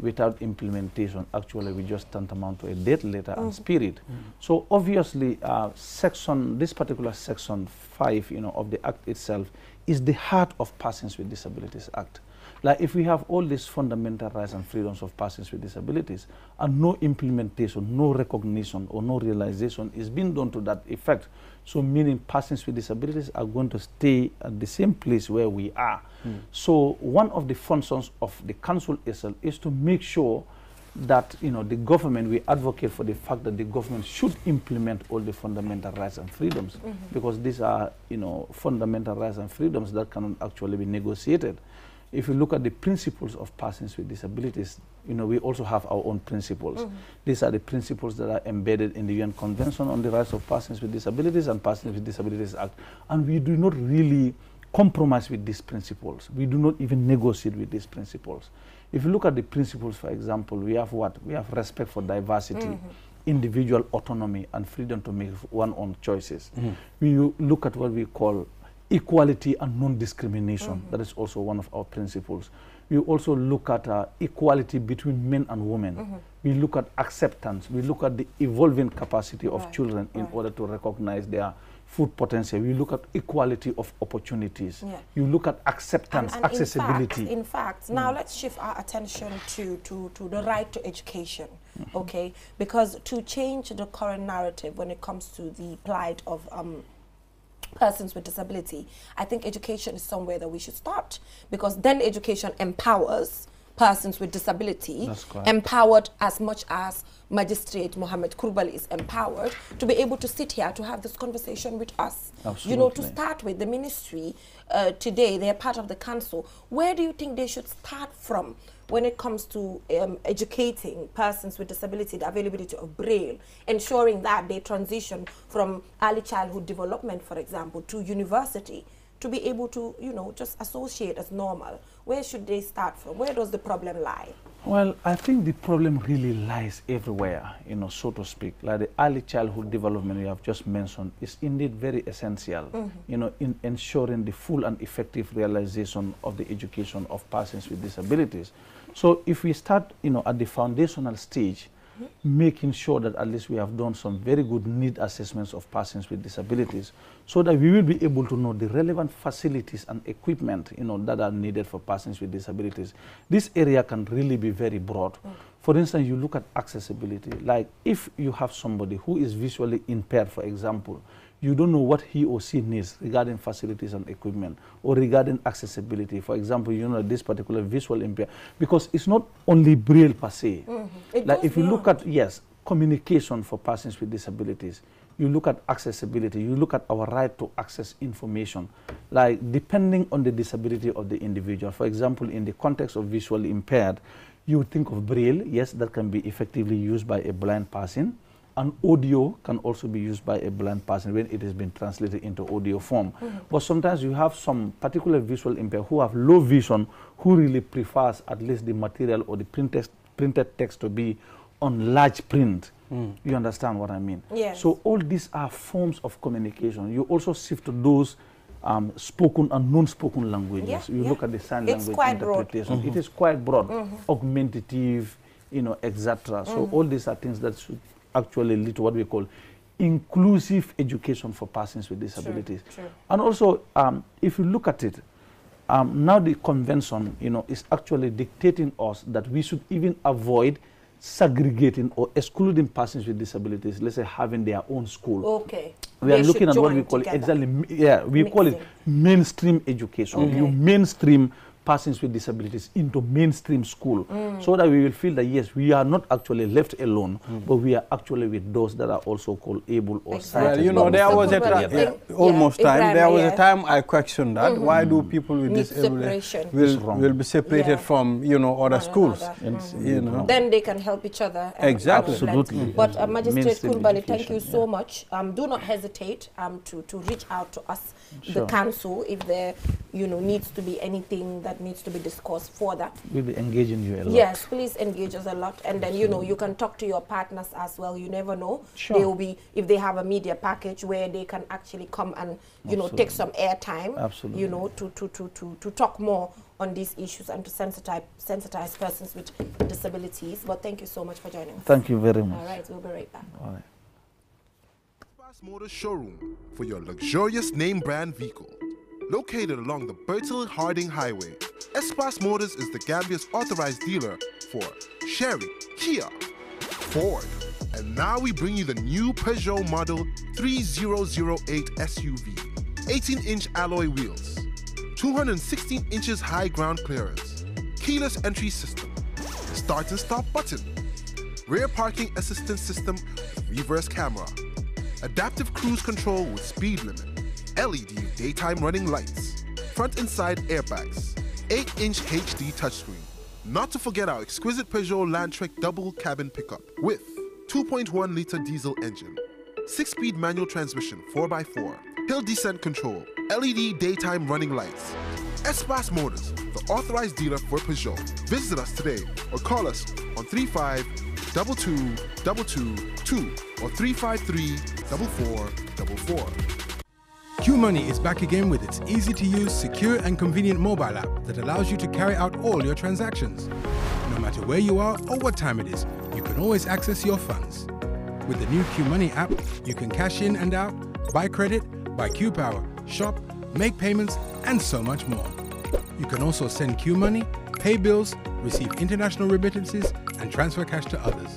without implementation, actually we just tantamount to a dead letter mm -hmm. and spirit. Mm -hmm. So obviously, uh, section this particular section five, you know, of the act itself is the heart of Persons with Disabilities Act. Like if we have all these fundamental rights and freedoms of persons with disabilities and no implementation, no recognition or no realization is being done to that effect, so meaning persons with disabilities are going to stay at the same place where we are. Mm. So one of the functions of the council itself is to make sure that you know the government we advocate for the fact that the government should implement all the fundamental rights and freedoms mm -hmm. because these are you know fundamental rights and freedoms that cannot actually be negotiated if you look at the principles of persons with disabilities, you know, we also have our own principles. Mm -hmm. These are the principles that are embedded in the UN Convention on the Rights of Persons with Disabilities and Persons with Disabilities Act. And we do not really compromise with these principles. We do not even negotiate with these principles. If you look at the principles, for example, we have what? We have respect for diversity. Mm -hmm individual autonomy and freedom to make one's own choices. Mm -hmm. We look at what we call equality and non-discrimination. Mm -hmm. That is also one of our principles. We also look at uh, equality between men and women. Mm -hmm. We look at acceptance. We look at the evolving capacity of right. children in right. order to recognize their food potential. We look at equality of opportunities. Yeah. You look at acceptance, and, and accessibility. In fact, in fact mm. now let's shift our attention to, to, to the right to education, mm -hmm. okay? Because to change the current narrative when it comes to the plight of um, persons with disability, I think education is somewhere that we should start because then education empowers persons with disability empowered as much as magistrate Mohammed Kurbal is empowered to be able to sit here to have this conversation with us. Absolutely. You know, to start with the ministry uh, today, they're part of the council. Where do you think they should start from when it comes to um, educating persons with disability, the availability of braille, ensuring that they transition from early childhood development, for example, to university, to be able to, you know, just associate as normal? Where should they start from? Where does the problem lie? Well, I think the problem really lies everywhere, you know, so to speak. Like the early childhood development you have just mentioned is indeed very essential, mm -hmm. you know, in ensuring the full and effective realization of the education of persons with disabilities. So if we start, you know, at the foundational stage, making sure that at least we have done some very good need assessments of persons with disabilities so that we will be able to know the relevant facilities and equipment you know, that are needed for persons with disabilities. This area can really be very broad. Mm. For instance, you look at accessibility, like if you have somebody who is visually impaired, for example, you don't know what he or she needs regarding facilities and equipment or regarding accessibility. For example, you know, this particular visual impairment. because it's not only braille per se. Mm -hmm. Like if you look at, yes, communication for persons with disabilities, you look at accessibility, you look at our right to access information, like depending on the disability of the individual. For example, in the context of visually impaired, you think of braille, yes, that can be effectively used by a blind person an audio can also be used by a blind person when it has been translated into audio form. Mm -hmm. But sometimes you have some particular visual impair who have low vision who really prefers at least the material or the printed, printed text to be on large print. Mm. You understand what I mean? Yes. So all these are forms of communication. You also sift those um, spoken and non-spoken languages. Yeah, you yeah. look at the sign it's language interpretation. Mm -hmm. It mm-hmm. is quite broad, mm -hmm. augmentative, you know, etc. So mm-hmm. all these are things that should actually lead to what we call inclusive education for persons with disabilities. Sure, sure. And also, um, if you look at it, um, now the convention, you know, is actually dictating us that we should even avoid segregating or excluding persons with disabilities, let's say having their own school. Okay. We they are looking at what we call together. exactly, yeah, we Mixing. call it mainstream education. Okay. You mainstream persons with disabilities into mainstream school mm. so that we will feel that yes we are not actually left alone mm. but we are actually with those that are also called able or exactly. well you know there so was a time yeah, yeah, almost time exactly, there was yeah. a time i questioned that -hmm. why do people with disabilities will, will be separated from you know other schools mm-hmm. you know then they can help each other exactly absolutely but uh, magistrate Kulbali, thank you so much um, do not hesitate um, to to reach out to us sure. the council if there you know needs to be anything that needs to be discussed for that we'll be engaging you a lot yes please engage us a lot and then you know you can talk to your partners as well you never know sure. they will be if they have a media package where they can actually come and you Absolutely. know take some airtime Absolutely. you know to, to to to to talk more on these issues and to sensitize sensitize persons with disabilities but thank you so much for joining us thank you very much all right we'll be right back all right Motor showroom for your luxurious name brand vehicle. Located along the Bertil Harding Highway, Espas Motors is the Gambia's authorized dealer for Sherry, Kia, Ford, and now we bring you the new Peugeot model 3008 SUV. 18-inch alloy wheels, 216 inches high ground clearance, keyless entry system, start and stop button, rear parking assistance system, reverse camera, adaptive cruise control with speed limit, LED daytime running lights, front and side airbags, 8-inch HD touchscreen. Not to forget our exquisite Peugeot Landtrek double cabin pickup with 2.1 liter diesel engine, 6-speed manual transmission 4x4, hill descent control, LED daytime running lights. Espace Motors, the authorized dealer for Peugeot. Visit us today or call us on 35 double two double two two or three five three, double four, double four. Q Money is back again with its easy to use, secure, and convenient mobile app that allows you to carry out all your transactions. No matter where you are or what time it is, you can always access your funds. With the new Q Money app, you can cash in and out, buy credit, buy Q Power, shop, make payments, and so much more. You can also send Q Money, pay bills, receive international remittances, and transfer cash to others.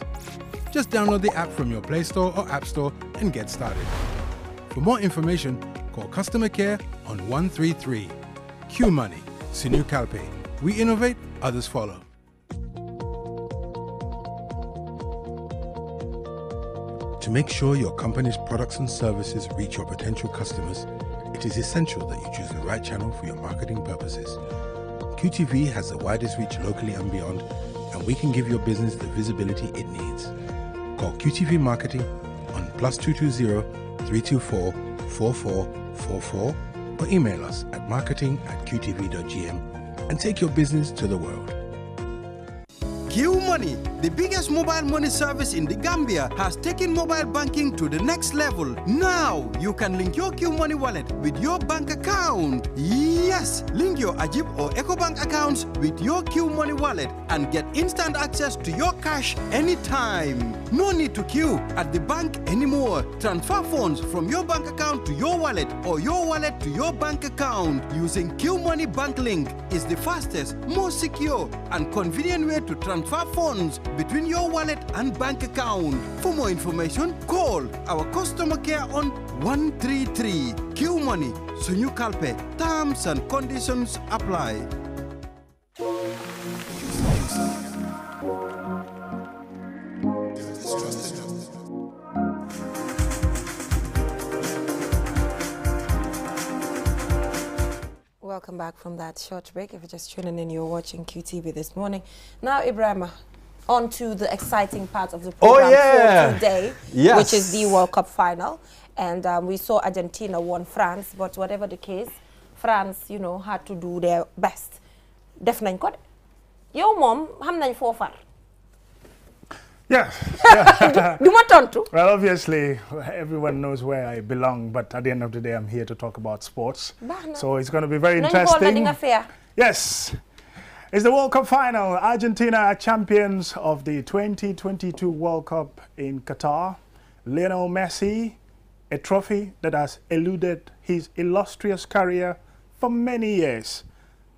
Just download the app from your Play Store or App Store and get started. For more information, call customer care on 133. Q Money, Sinu Calpe. We innovate, others follow. To make sure your company's products and services reach your potential customers, it is essential that you choose the right channel for your marketing purposes. QTV has the widest reach locally and beyond we can give your business the visibility it needs. Call QTV Marketing on plus 220-324-4444 or email us at marketing at qtv.gm and take your business to the world. Money, the biggest mobile money service in the Gambia, has taken mobile banking to the next level. Now, you can link your Money wallet with your bank account. Yes, link your Ajib or EcoBank accounts with your Money wallet and get instant access to your cash anytime. No need to queue at the bank anymore. Transfer funds from your bank account to your wallet or your wallet to your bank account using Money Bank Link is the fastest, most secure, and convenient way to transfer transfer funds between your wallet and bank account. For more information, call our customer care on 133 Q Money, Sunyu Kalpe. Terms and conditions apply. welcome back from that short break. If you're just tuning in, you're watching QTV this morning. Now, Ibrahima, on to the exciting part of the oh, program oh, yeah. for today, yes. which is the World Cup final. And um, we saw Argentina won France, but whatever the case, France, you know, had to do their best. Definitely good. Your de. Yow mom xam four? Yeah. you want to? Well, obviously, everyone knows where I belong, but at the end of the day, I'm here to talk about sports. so it's going to be very interesting. Yes. It's the World Cup final. Argentina are champions of the 2022 World Cup in Qatar. Lionel Messi, a trophy that has eluded his illustrious career for many years.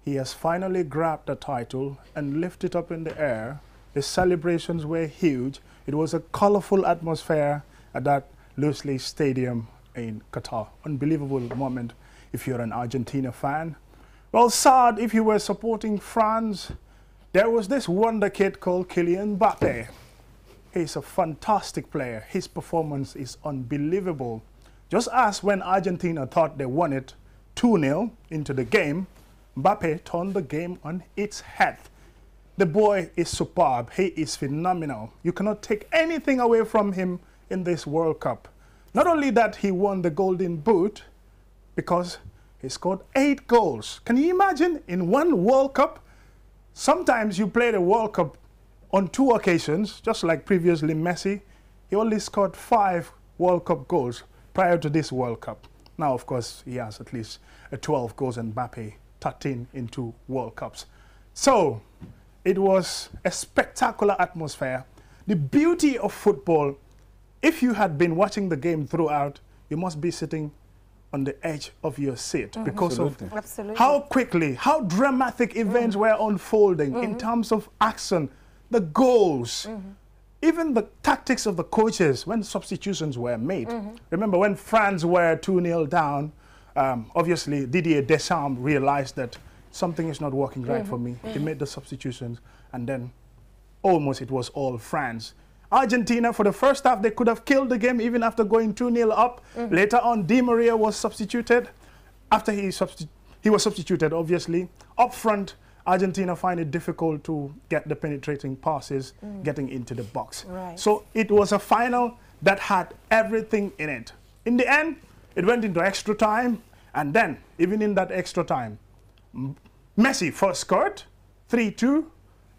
He has finally grabbed the title and lifted it up in the air the celebrations were huge. It was a colorful atmosphere at that Lusley Stadium in Qatar. Unbelievable moment if you're an Argentina fan. Well, sad if you were supporting France. There was this wonder kid called Kylian Mbappe. He's a fantastic player. His performance is unbelievable. Just as when Argentina thought they won it 2-0 into the game, Mbappe turned the game on its head. The boy is superb. He is phenomenal. You cannot take anything away from him in this World Cup. Not only that, he won the Golden Boot because he scored eight goals. Can you imagine in one World Cup? Sometimes you play the World Cup on two occasions, just like previously Messi. He only scored five World Cup goals prior to this World Cup. Now, of course, he has at least uh, 12 goals and Mbappe 13 in two World Cups. So, it was a spectacular atmosphere. The beauty of football, if you had been watching the game throughout, you must be sitting on the edge of your seat mm -hmm. because Absolutely. of Absolutely. how quickly, how dramatic mm. events mm -hmm. were unfolding mm -hmm. in mm-hmm. terms of action, the goals, mm-hmm. even the tactics of the coaches when substitutions were made. Mm-hmm. Remember when France were 2 0 down, um, obviously Didier Deschamps realized that something is not working right mm -hmm. for me. Mm -hmm. They mm-hmm. made the substitutions, and then almost it was all France. Argentina, for the first half, they could have killed the game even after going 2-0 up. Mm. Later on, Di Maria was substituted. After he, he was substituted, obviously. Up front, Argentina find it difficult to get the penetrating passes mm. getting into the box. Right. So it was a final that had everything in it. In the end, it went into extra time. And then, even in that extra time, Messi first scored, 3-2,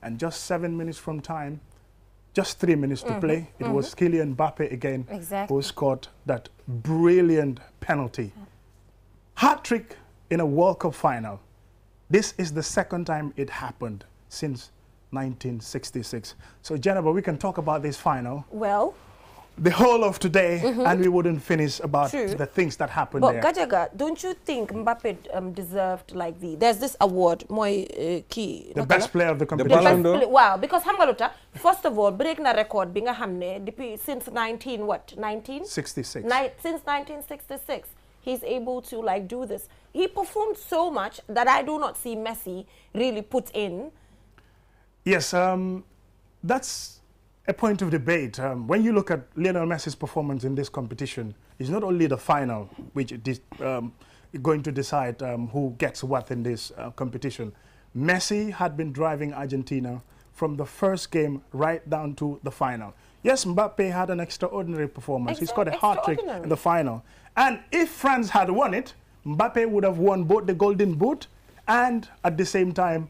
and just seven minutes from time, just three minutes to mm -hmm. play. It mm -hmm. was mm-hmm. Kylian Mbappe again exactly. who scored that brilliant penalty. Hat trick in a World Cup final. This is the second time it happened since 1966. So, Jennifer, we can talk about this final. Well, the whole of today mm -hmm. and we wouldn't finish about True. the things that happened but there. Gajaga, don't you think Mbappe um, deserved like the, there's this award, Moy uh, Ki. The best player of the competition. The the play, wow, because Hamgaluta, first of all, break na record being a hamne since 19, what, 19? 66. since 1966, he's able to like do this. He performed so much that I do not see Messi really put in. Yes, um, that's a point of debate. Um, when you look at Lionel Messi's performance in this competition, it's not only the final which is um, going to decide um, who gets what in this uh, competition. Messi had been driving Argentina from the first game right down to the final. Yes, Mbappe had an extraordinary performance. Extra he scored a hat trick in the final. And if France had won it, Mbappe would have won both the Golden Boot and at the same time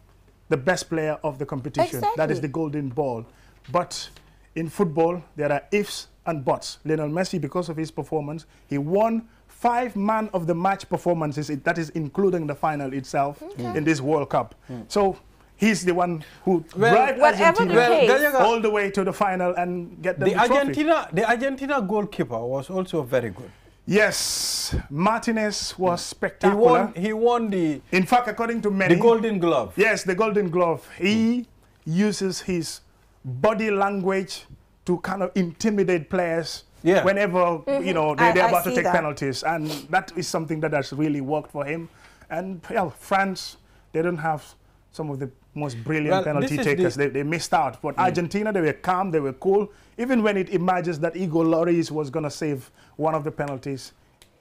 the best player of the competition. Exactly. That is the Golden Ball. But in football, there are ifs and buts. Lionel Messi, because of his performance, he won five man of the match performances, that is including the final itself okay. in this World Cup. Mm. So he's the one who well, drive Argentina all the way to the final and get the, the Argentina. The Argentina goalkeeper was also very good. Yes, Martinez was spectacular. Hmm. He won, he won the. In fact, according to many, the Golden Glove. Yes, the Golden Glove. He mm. uses his body language to kind of intimidate players yeah. whenever mm -hmm. you know they, are about to take that. penalties, and that is something that has really worked for him. And France, they don't have some of the most brilliant well, penalty takers. The they, they, missed out. But yeah. Argentina, they were calm, they were cool. Even when it emerges that Igor Loris was going to save one of the penalties,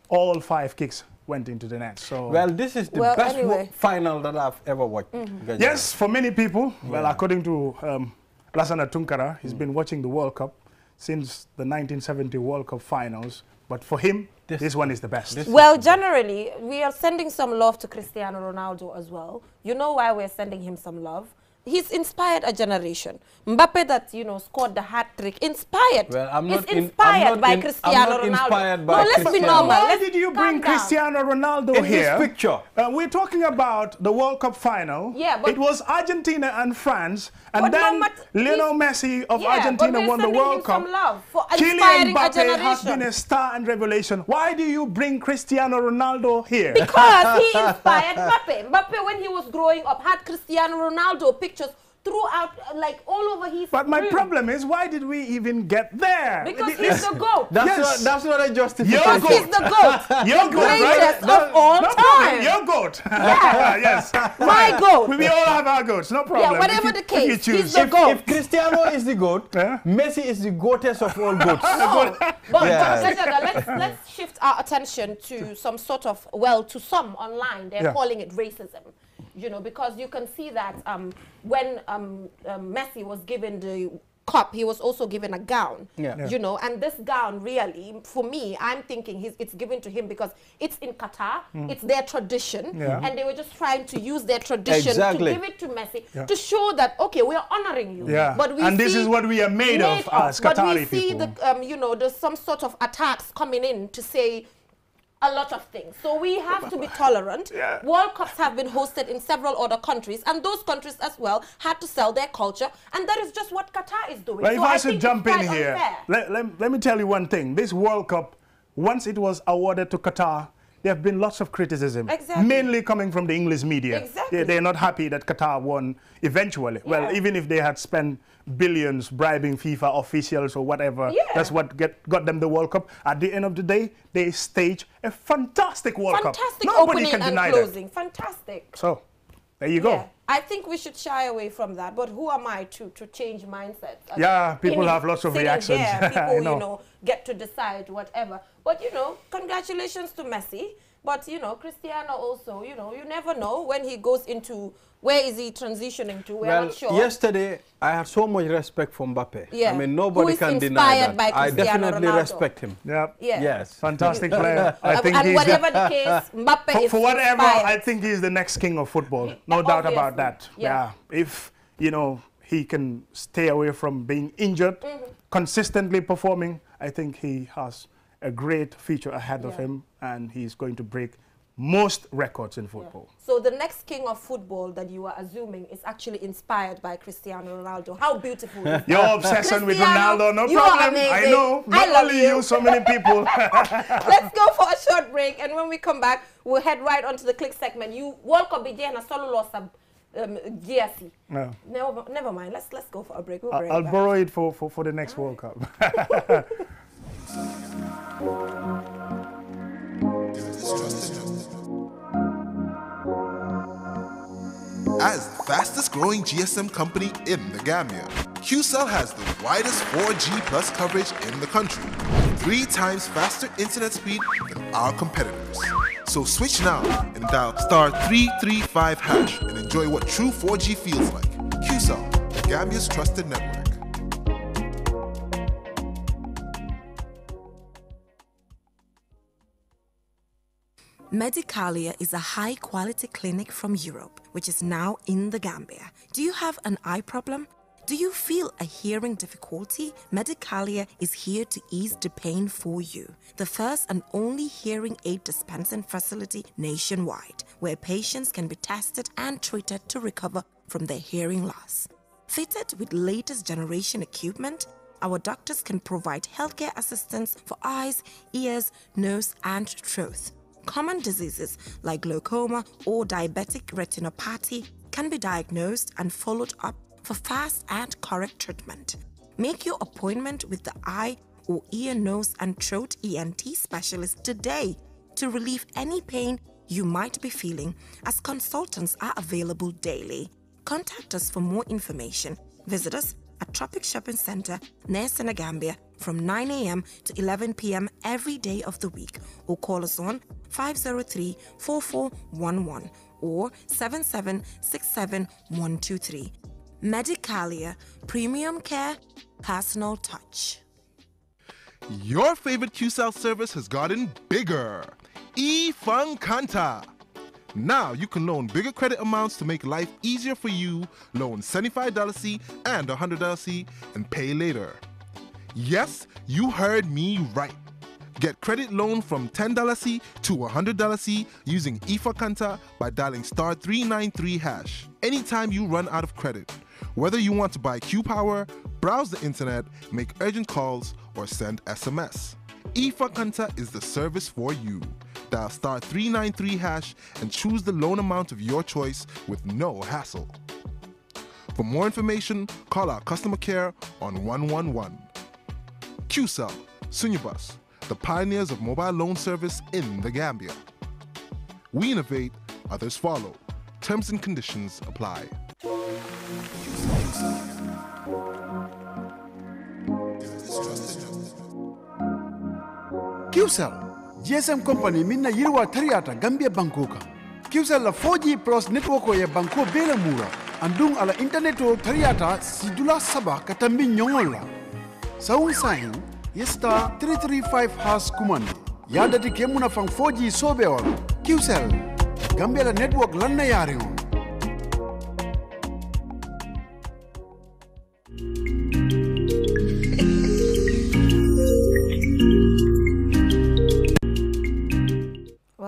all five kicks went into the net. So well, this is the well, best anyway. final that I've ever watched. Mm -hmm. Yes, for many people. Yeah. Well, according to um, Lassana Tunkara, he's mm. been watching the World Cup since the 1970 World Cup finals. But for him, this, this one is the best. well, generally, we are sending some love to Cristiano Ronaldo as well. You know why we're sending him some love? he's inspired a generation. Mbappe that you know scored the hat trick, inspired. Well, I'm not inspired I'm not by in, Cristiano Ronaldo. Inspired by no, let's Cristiano. be normal. Why did you bring Cristiano Ronaldo in here? this picture, uh, we're talking about the World Cup final. Yeah, but it was Argentina and France, and then Mama, Lionel Messi of yeah, Argentina won the World Cup. Love Kylian Mbappe has been a star and revelation. Why do you bring Cristiano Ronaldo here? Because he <laughs> inspired Mbappe. Mbappe, when he was growing up, had Cristiano Ronaldo pick pictures throughout, uh, like all over his. But my room. problem is, why did we even get there? Because he's the goat. That's yes. not that's not a justification. Your he's the goat. Your the goat, greatest right? of no, all no time. Your goat. Yeah. <laughs> yes. My goat. We, we, all have our goats. No problem. Yeah, whatever the case, you choose. he's the goat. If, Cristiano is the goat, <laughs> Messi is the greatest of all goats. <laughs> No, but, yeah. but let's let's shift our attention to some sort of well, to some online, they're yeah. calling it racism you know, because you can see that um, when um, um, Messi was given the cup, he was also given a gown, yeah. Yeah. you know, and this gown really, for me, I'm thinking he's, it's given to him because it's in Qatar, mm. it's their tradition, yeah. and they were just trying to use their tradition exactly. to give it to Messi to show that, okay, we are honoring you. Yeah. But we and this is what we are made, made of, of us, Qatari But we see, people. The, um, you know, there's some sort of attacks coming in to say, a lot of things. So we have to be tolerant. <laughs> Yeah. World Cups have been hosted in several other countries, and those countries as well had to sell their culture, and that is just what Qatar is doing. Well, if so I, I should jump in here, let, let, let me tell you one thing. This World Cup, once it was awarded to Qatar, there have been lots of criticism, exactly. mainly coming from the English media. Exactly. They, are not happy that Qatar won eventually. Yeah. Well, even if they had spent billions bribing FIFA officials or whatever. Yeah. That's what get, got them the World Cup. At the end of the day, they stage a fantastic World fantastic Cup. opening can deny closing. that. Fantastic. So, there you go. Yeah. I think we should shy away from that. But who am I to to change mindset? yeah, people have lots of reactions. Yeah, <laughs> people, know. you know, get to decide whatever. But you know, congratulations to Messi. But you know, Cristiano also. You know, you never know when he goes into where is he transitioning to? We're well, not sure. Yesterday, I had so much respect for Mbappe. Yeah. I mean, nobody can deny that. I definitely Ronaldo. respect him. Yep. Yeah. Yes. Fantastic <laughs> player. I think and he's whatever the, case, <laughs> Mbappe for, is For whatever, inspired. I think he's the next king of football. No Obviously. doubt about that. Yeah. yeah. If, you know, he can stay away from being injured, mm -hmm. consistently performing, I think he has a great future ahead yeah. of him and he's going to break most records in football. Yeah. So the next king of football that you are assuming is actually inspired by Cristiano Ronaldo. How beautiful Your obsession with Ronaldo, no problem. I know. Not I only you. you, so many people. <laughs> <laughs> Let's go for a short break and when we come back, we'll head right onto the click segment. You walk up again and solo lost um, GRC. No. Never, never mind. Let's let's go for a break. We'll I'll, I'll borrow it for, for, for the next World Cup. <laughs> As the fastest growing GSM company in the Gambia, QCell has the widest 4G plus coverage in the country, three times faster internet speed than our competitors. So switch now and dial star 335 hash and enjoy what true 4G feels like. QCell, the Gambia's trusted network. Medicalia is a high quality clinic from Europe, which is now in the Gambia. Do you have an eye problem? Do you feel a hearing difficulty? Medicalia is here to ease the pain for you. The first and only hearing aid dispensing facility nationwide, where patients can be tested and treated to recover from their hearing loss. Fitted with latest generation equipment, our doctors can provide healthcare assistance for eyes, ears, nose, and throat common diseases like glaucoma or diabetic retinopathy can be diagnosed and followed up for fast and correct treatment. Make your appointment with the eye or ear, nose, and throat ENT specialist today to relieve any pain you might be feeling, as consultants are available daily. Contact us for more information. Visit us at Tropic Shopping Center near Senegambia from 9 a.m. to 11 p.m. every day of the week or call us on 503 4411 or 7767123. Medicalia Premium Care Personal Touch. Your favorite QSL service has gotten bigger. E Fun now you can loan bigger credit amounts to make life easier for you. Loan $75 C and $100 C and pay later. Yes, you heard me right. Get credit loan from $10 C to $100 C using IFA Kanta by dialing star 393 hash anytime you run out of credit. Whether you want to buy Q Power, browse the internet, make urgent calls, or send SMS, IFA Kanta is the service for you dial star 393 hash and choose the loan amount of your choice with no hassle. For more information, call our customer care on 111. QCell, Sunyabus, the pioneers of mobile loan service in the Gambia. We innovate, others follow. Terms and conditions apply. QCell. gsm company min na teriata gambia banko kan la 4g plus network ya banko bela la andung ala internet o tariyata sidula saba ka tambi Saun sahin yesta 335 has kumandi yadati ke munafan 4g sobe wala kiwsel gambia la network lan na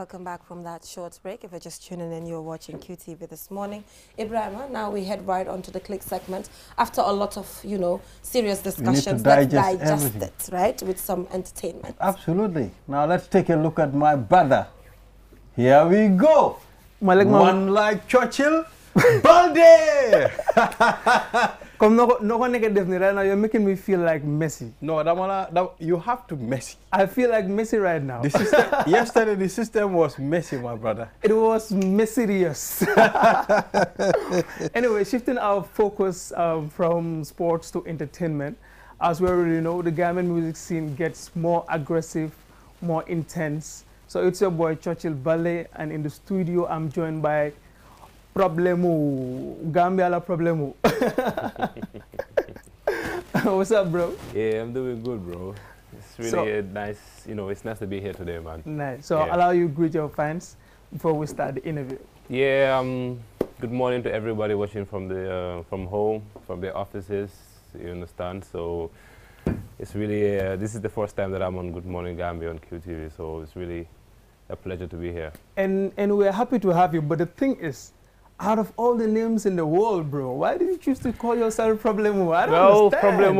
welcome back from that short break. If you're just tuning in, you're watching QTV this morning. Ibrahim, now we head right on to the click segment. After a lot of, you know, serious discussions, let's digest it, right, with some entertainment. Absolutely. Now let's take a look at my brother. Here we go. Malik One like Churchill, Balde! <laughs> <laughs> comme no no ko nekkee def right now you're making me feel like Messi. no dama uh, la you have to Messi. I feel like Messi right now. the system <laughs> yesterday the system was Messi my brother. it was mysterious. <laughs> anyway shifting our focus um, from sports to entertainment as we already know the Gambian music scene gets more aggressive, more intense. So it's your boy Churchill Ballet and in the studio I'm joined by problemu Gambia problemu. <laughs> What's up, bro? Yeah, I'm doing good, bro. It's really so, nice, you know, it's nice to be here today, man. Nice. So yeah. allow you greet your fans before we start the interview. Yeah, um, good morning to everybody watching from the uh, from home, from their offices. You understand? So it's really uh, this is the first time that I'm on Good Morning Gambia on QTV, so it's really a pleasure to be here. And and we're happy to have you. But the thing is, out of all the names in the world, bro, why did you choose to call yourself Problemo? I don't well, understand.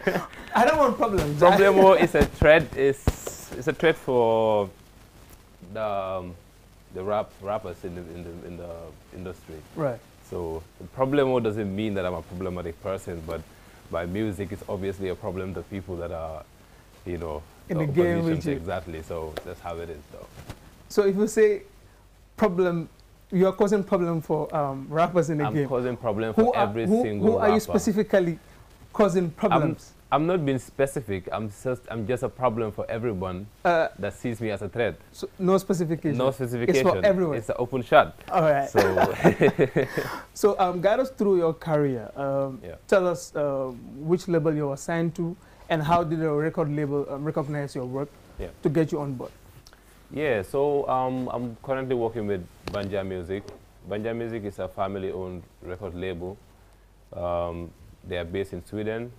Problemo. <laughs> I don't want problems. <laughs> Problemo is a threat. Is it's a threat for the um, the rap rappers in the, in the in the industry. Right. So Problemo doesn't mean that I'm a problematic person, but my music is obviously a problem to people that are, you know, in the, the game. Exactly. So that's how it is, though. So if you say problem you are causing problem for um, rappers in the I'm game. I'm causing problem who for are, every who, single Who are rapper. you specifically causing problems? I'm, I'm, not being specific. I'm just I'm just a problem for everyone uh, that sees me as a threat. So no specification. No specification. It's for everyone. It's an open shot. All right. So, <laughs> so um, guide us through your career. Um, yeah. Tell us uh, which label you were signed to, and how did a record label um, recognize your work yeah. to get you on board. Yeah, so um, I'm currently working with Banja Music. Banja Music is a family-owned record label. Um, they are based in Sweden,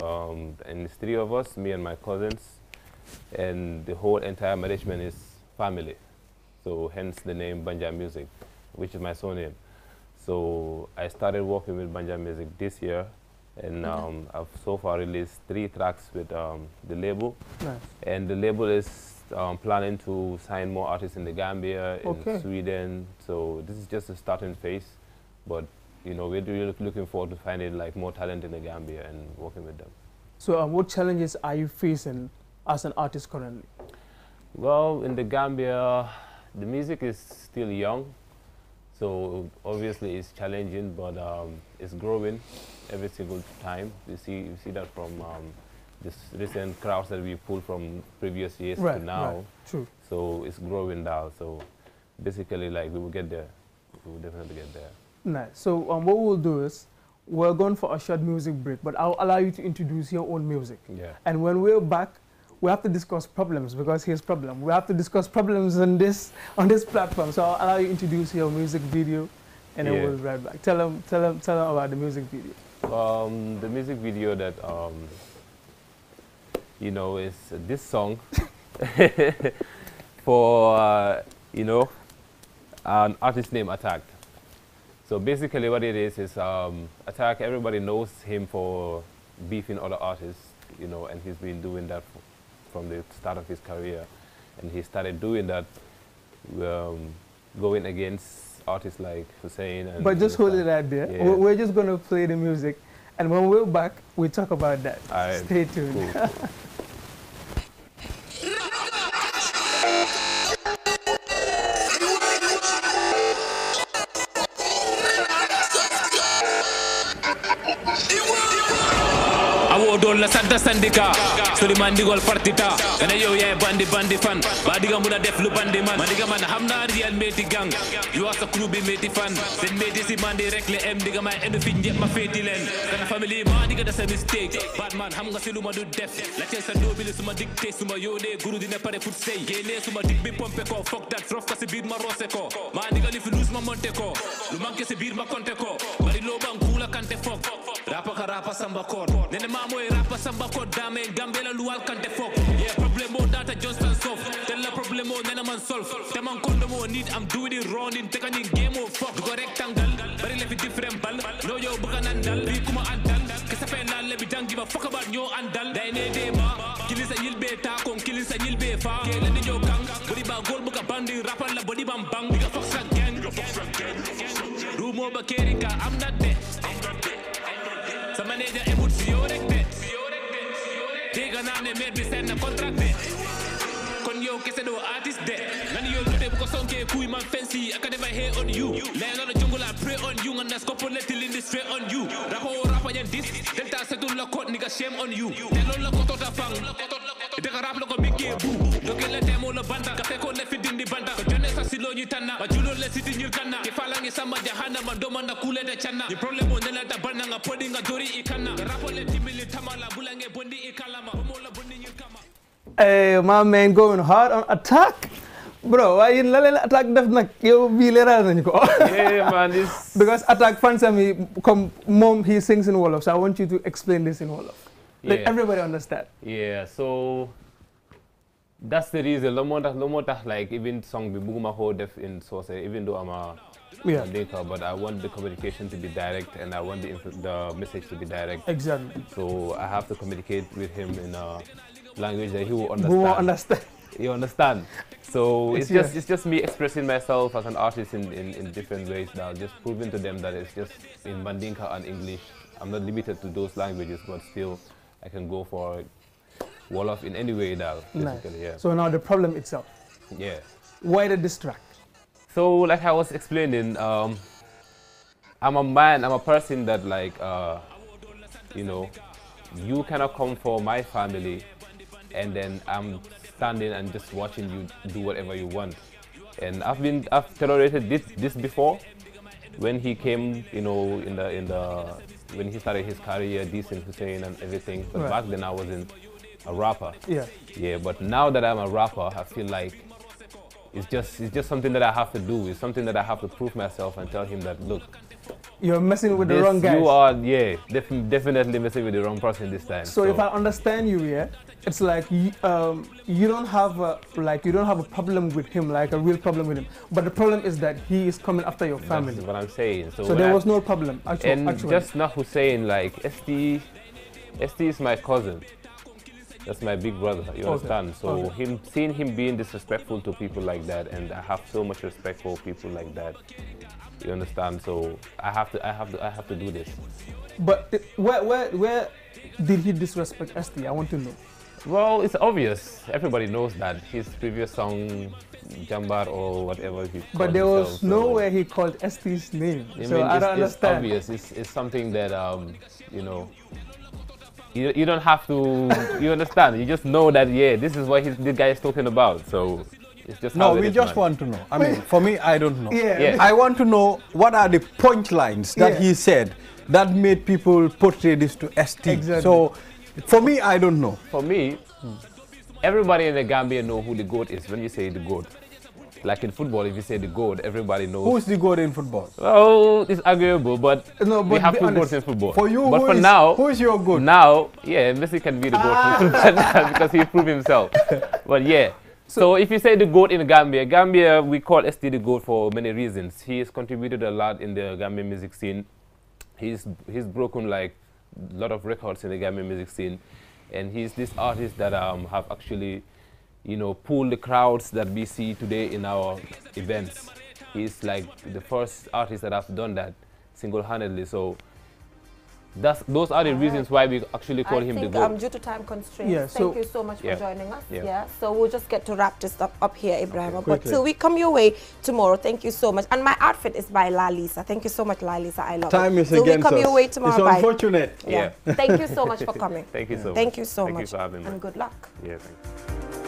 um, and it's three of us, me and my cousins, and the whole entire management is family. So hence the name Banja Music, which is my surname. So I started working with Banja Music this year, and um, I've so far released three tracks with um, the label. Nice. And the label is um, planning to sign more artists in the Gambia, okay. in Sweden. So this is just a starting phase, but you know we're really looking forward to finding like more talent in the Gambia and working with them. So um, what challenges are you facing as an artist currently? Well, in the Gambia, the music is still young, so obviously it's challenging, but um, it's growing every single time. You see, you see that from um, this recent crowds that we pulled from previous years right, to now. Right. True. So it's growing now. So basically, like we will get there. We will definitely get there. Nice. So um, what we'll do is we're going for a short music break, but I'll allow you to introduce your own music. Yeah. And when we're back, we have to discuss problems because here's problem. We have to discuss problems on this on this platform. So I'll allow you to introduce your music video, and yeah. then we'll be right back. Tell them, tell them, tell them about the music video. Um, the music video that um, you know, is this song <laughs> for, uh, you know, an artist named Attack. So basically what it is, is um, Attack, everybody knows him for beefing other artists, you know, and he's been doing that from the start of his career. And he started doing that, um, going against artists like Hussein. but just hold it right there. Yeah. We're just going to play the music. And when we're back, we talk about that. Stay tuned. Cool. <laughs> yow santa la sant syndicat Souleymane Ndigol partita nga yow bandi bandi fan ba di deflu def lu bandi man ma di man hamna real méti gang yow asa crew bi méti fan seen méti si man di rek le m di nga may indi ma féeti len. kana famille maa di nga se mistake Bad man nga ga lu ma du def la teel sa doo bi suma dikte, suma yóodee guru dina pare pour sëy génnee suma dig bi pompe ko foog dat rof ma roose ko maa li fi luus ma monte ko lu manqué si bid ma konte ko bari kante fok Rapa ka rapa samba kor Nene mamo e rapa samba kor Dame en gambe la lual kante fok Yeah problemo data Johnston sof Tella problemo nene man solve Te man kondomo need I'm doing it wrong In teka nyin game o fok Dugo rectangle Bari lefi different bal No yo buka nandal Bi kuma andal Kesa pe lal lebi don't give a fuck about nyo andal Daine de ma Kilisa yilbe ta kon kilisa yilbe fa Kele ni yo gang, Bodi ba gol buka bandi Rapa la body bam bang Diga fok sa gang Diga fok sa gang Rumo ba kerinka I'm not dead wanneer je emotioneel bent. Tegenaan en meer bezend een contract bent. Kon je ook eens door artist dead. Nani yo lude buko sonke kui man fancy. I can never hate on you. Lay on the jungle, I pray on you. And that's couple little in the straight on you this. Them that said don't lock out, nigga, shame on you. They don't lock out the fang. They can rap like a big game boo. Look at them all the banda. Kate ko left in the banda. Kajone sa silo nyitana. Majulo let it in your kana. Kifalangi samba jahana. Mandoma na kule de chana. The problem on nela da banda. Nga podi nga dori ikana. Rapo le timili tamala. Bulange bondi ikalama. Hey, my man going hard on attack bro why in la leen attaque def nag yow bii leeral nañu ko. yeah man this. <laughs> because attack fans sami comme Mom, he sings in Wolof so I want you to explain this in Wolof. yeah let everybody understand. yeah so that's the reason la moo tax la like even song bi bëgguma koo def in source even though I'm a. yeah. but I want the communication to be direct and I want the, the message to be direct. Exactly. So I have to communicate with him in a language that he will understand. Who will understand. you understand? <laughs> So it's, it's just yeah. it's just me expressing myself as an artist in, in, in, different ways now, just proving to them that it's just in Mandinka and English. I'm not limited to those languages, but still I can go for Wolof in any way now, basically, nice. yeah. So now the problem itself. Yeah. Why the distract? So like I was explaining, um, I'm a man, I'm a person that like, uh, you know, you cannot come for my family and then I'm standing and just watching you do whatever you want. And I've been I've tolerated this, this before. When he came, you know, in the in the when he started his career, Decent Hussein and everything. But right. back then I wasn't a rapper. Yeah. Yeah. But now that I'm a rapper, I feel like it's just it's just something that I have to do. It's something that I have to prove myself and tell him that look, you're messing with this, the wrong guy. You are, yeah, def definitely messing with the wrong person this time. So, so, if I understand you, yeah, it's like um, you don't have a, like you don't have a problem with him, like a real problem with him. But the problem is that he is coming after your family. That's what I'm saying. So, so there I, was no problem. Actual, and actually. just now who's saying like SD, SD is my cousin. That's my big brother. You okay. understand? So okay. him seeing him being disrespectful to people like that, and I have so much respect for people like that. You understand? So I have to, I have to, I have to do this. But where, where, where did he disrespect Esti? I want to know. Well, it's obvious. Everybody knows that. His previous song, Jambar or whatever he But there himself, was nowhere so. he called Estee's name. I so mean, I don't it's, understand. It's obvious. It's, it's something that, um, you know, you, you don't have to, you understand. You just know that, yeah, this is what he's this guy is talking about. So it's just No, we just man. want to know. I mean, for me, I don't know. Yeah. yeah. I want to know what are the punchlines that yeah. he said that made people portray this to Estee. Exactly. So for me, I don't know. For me, everybody in the Gambia know who the goat is when you say the goat. Like in football, if you say the goat, everybody knows. Who's the goat in football? Oh, it's arguable, but, no, but we have two goats in football. For you, but for is, now, who's your goat? Now, yeah, Messi can be the goat ah. <laughs> because he proved himself. <laughs> but yeah. So, so, if you say the GOAT in Gambia, Gambia, we call ST the GOAT for many reasons. He has contributed a lot in the Gambian music scene. He's, he's broken like a lot of records in the Gambian music scene. And he's this artist that um, have actually, you know, pulled the crowds that we see today in our events. He's like the first artist that have done that single-handedly. So that's, those are the All reasons right. why we actually call I him think, the goat. I'm um, due to time constraints, yeah, thank you so much yeah. for joining us. Yeah. yeah. so we'll just get to wrap this up, up here, Ibrahim. Okay, but till we come your way tomorrow, thank you so much. And my outfit is by La Lisa. Thank you so much, La Lisa. I love time it. Time is till against we come us. your way tomorrow. It's unfortunate. Yeah. yeah. thank you so much for coming. thank you so much. Thank you so thank much. You for having me. And good luck. Yeah,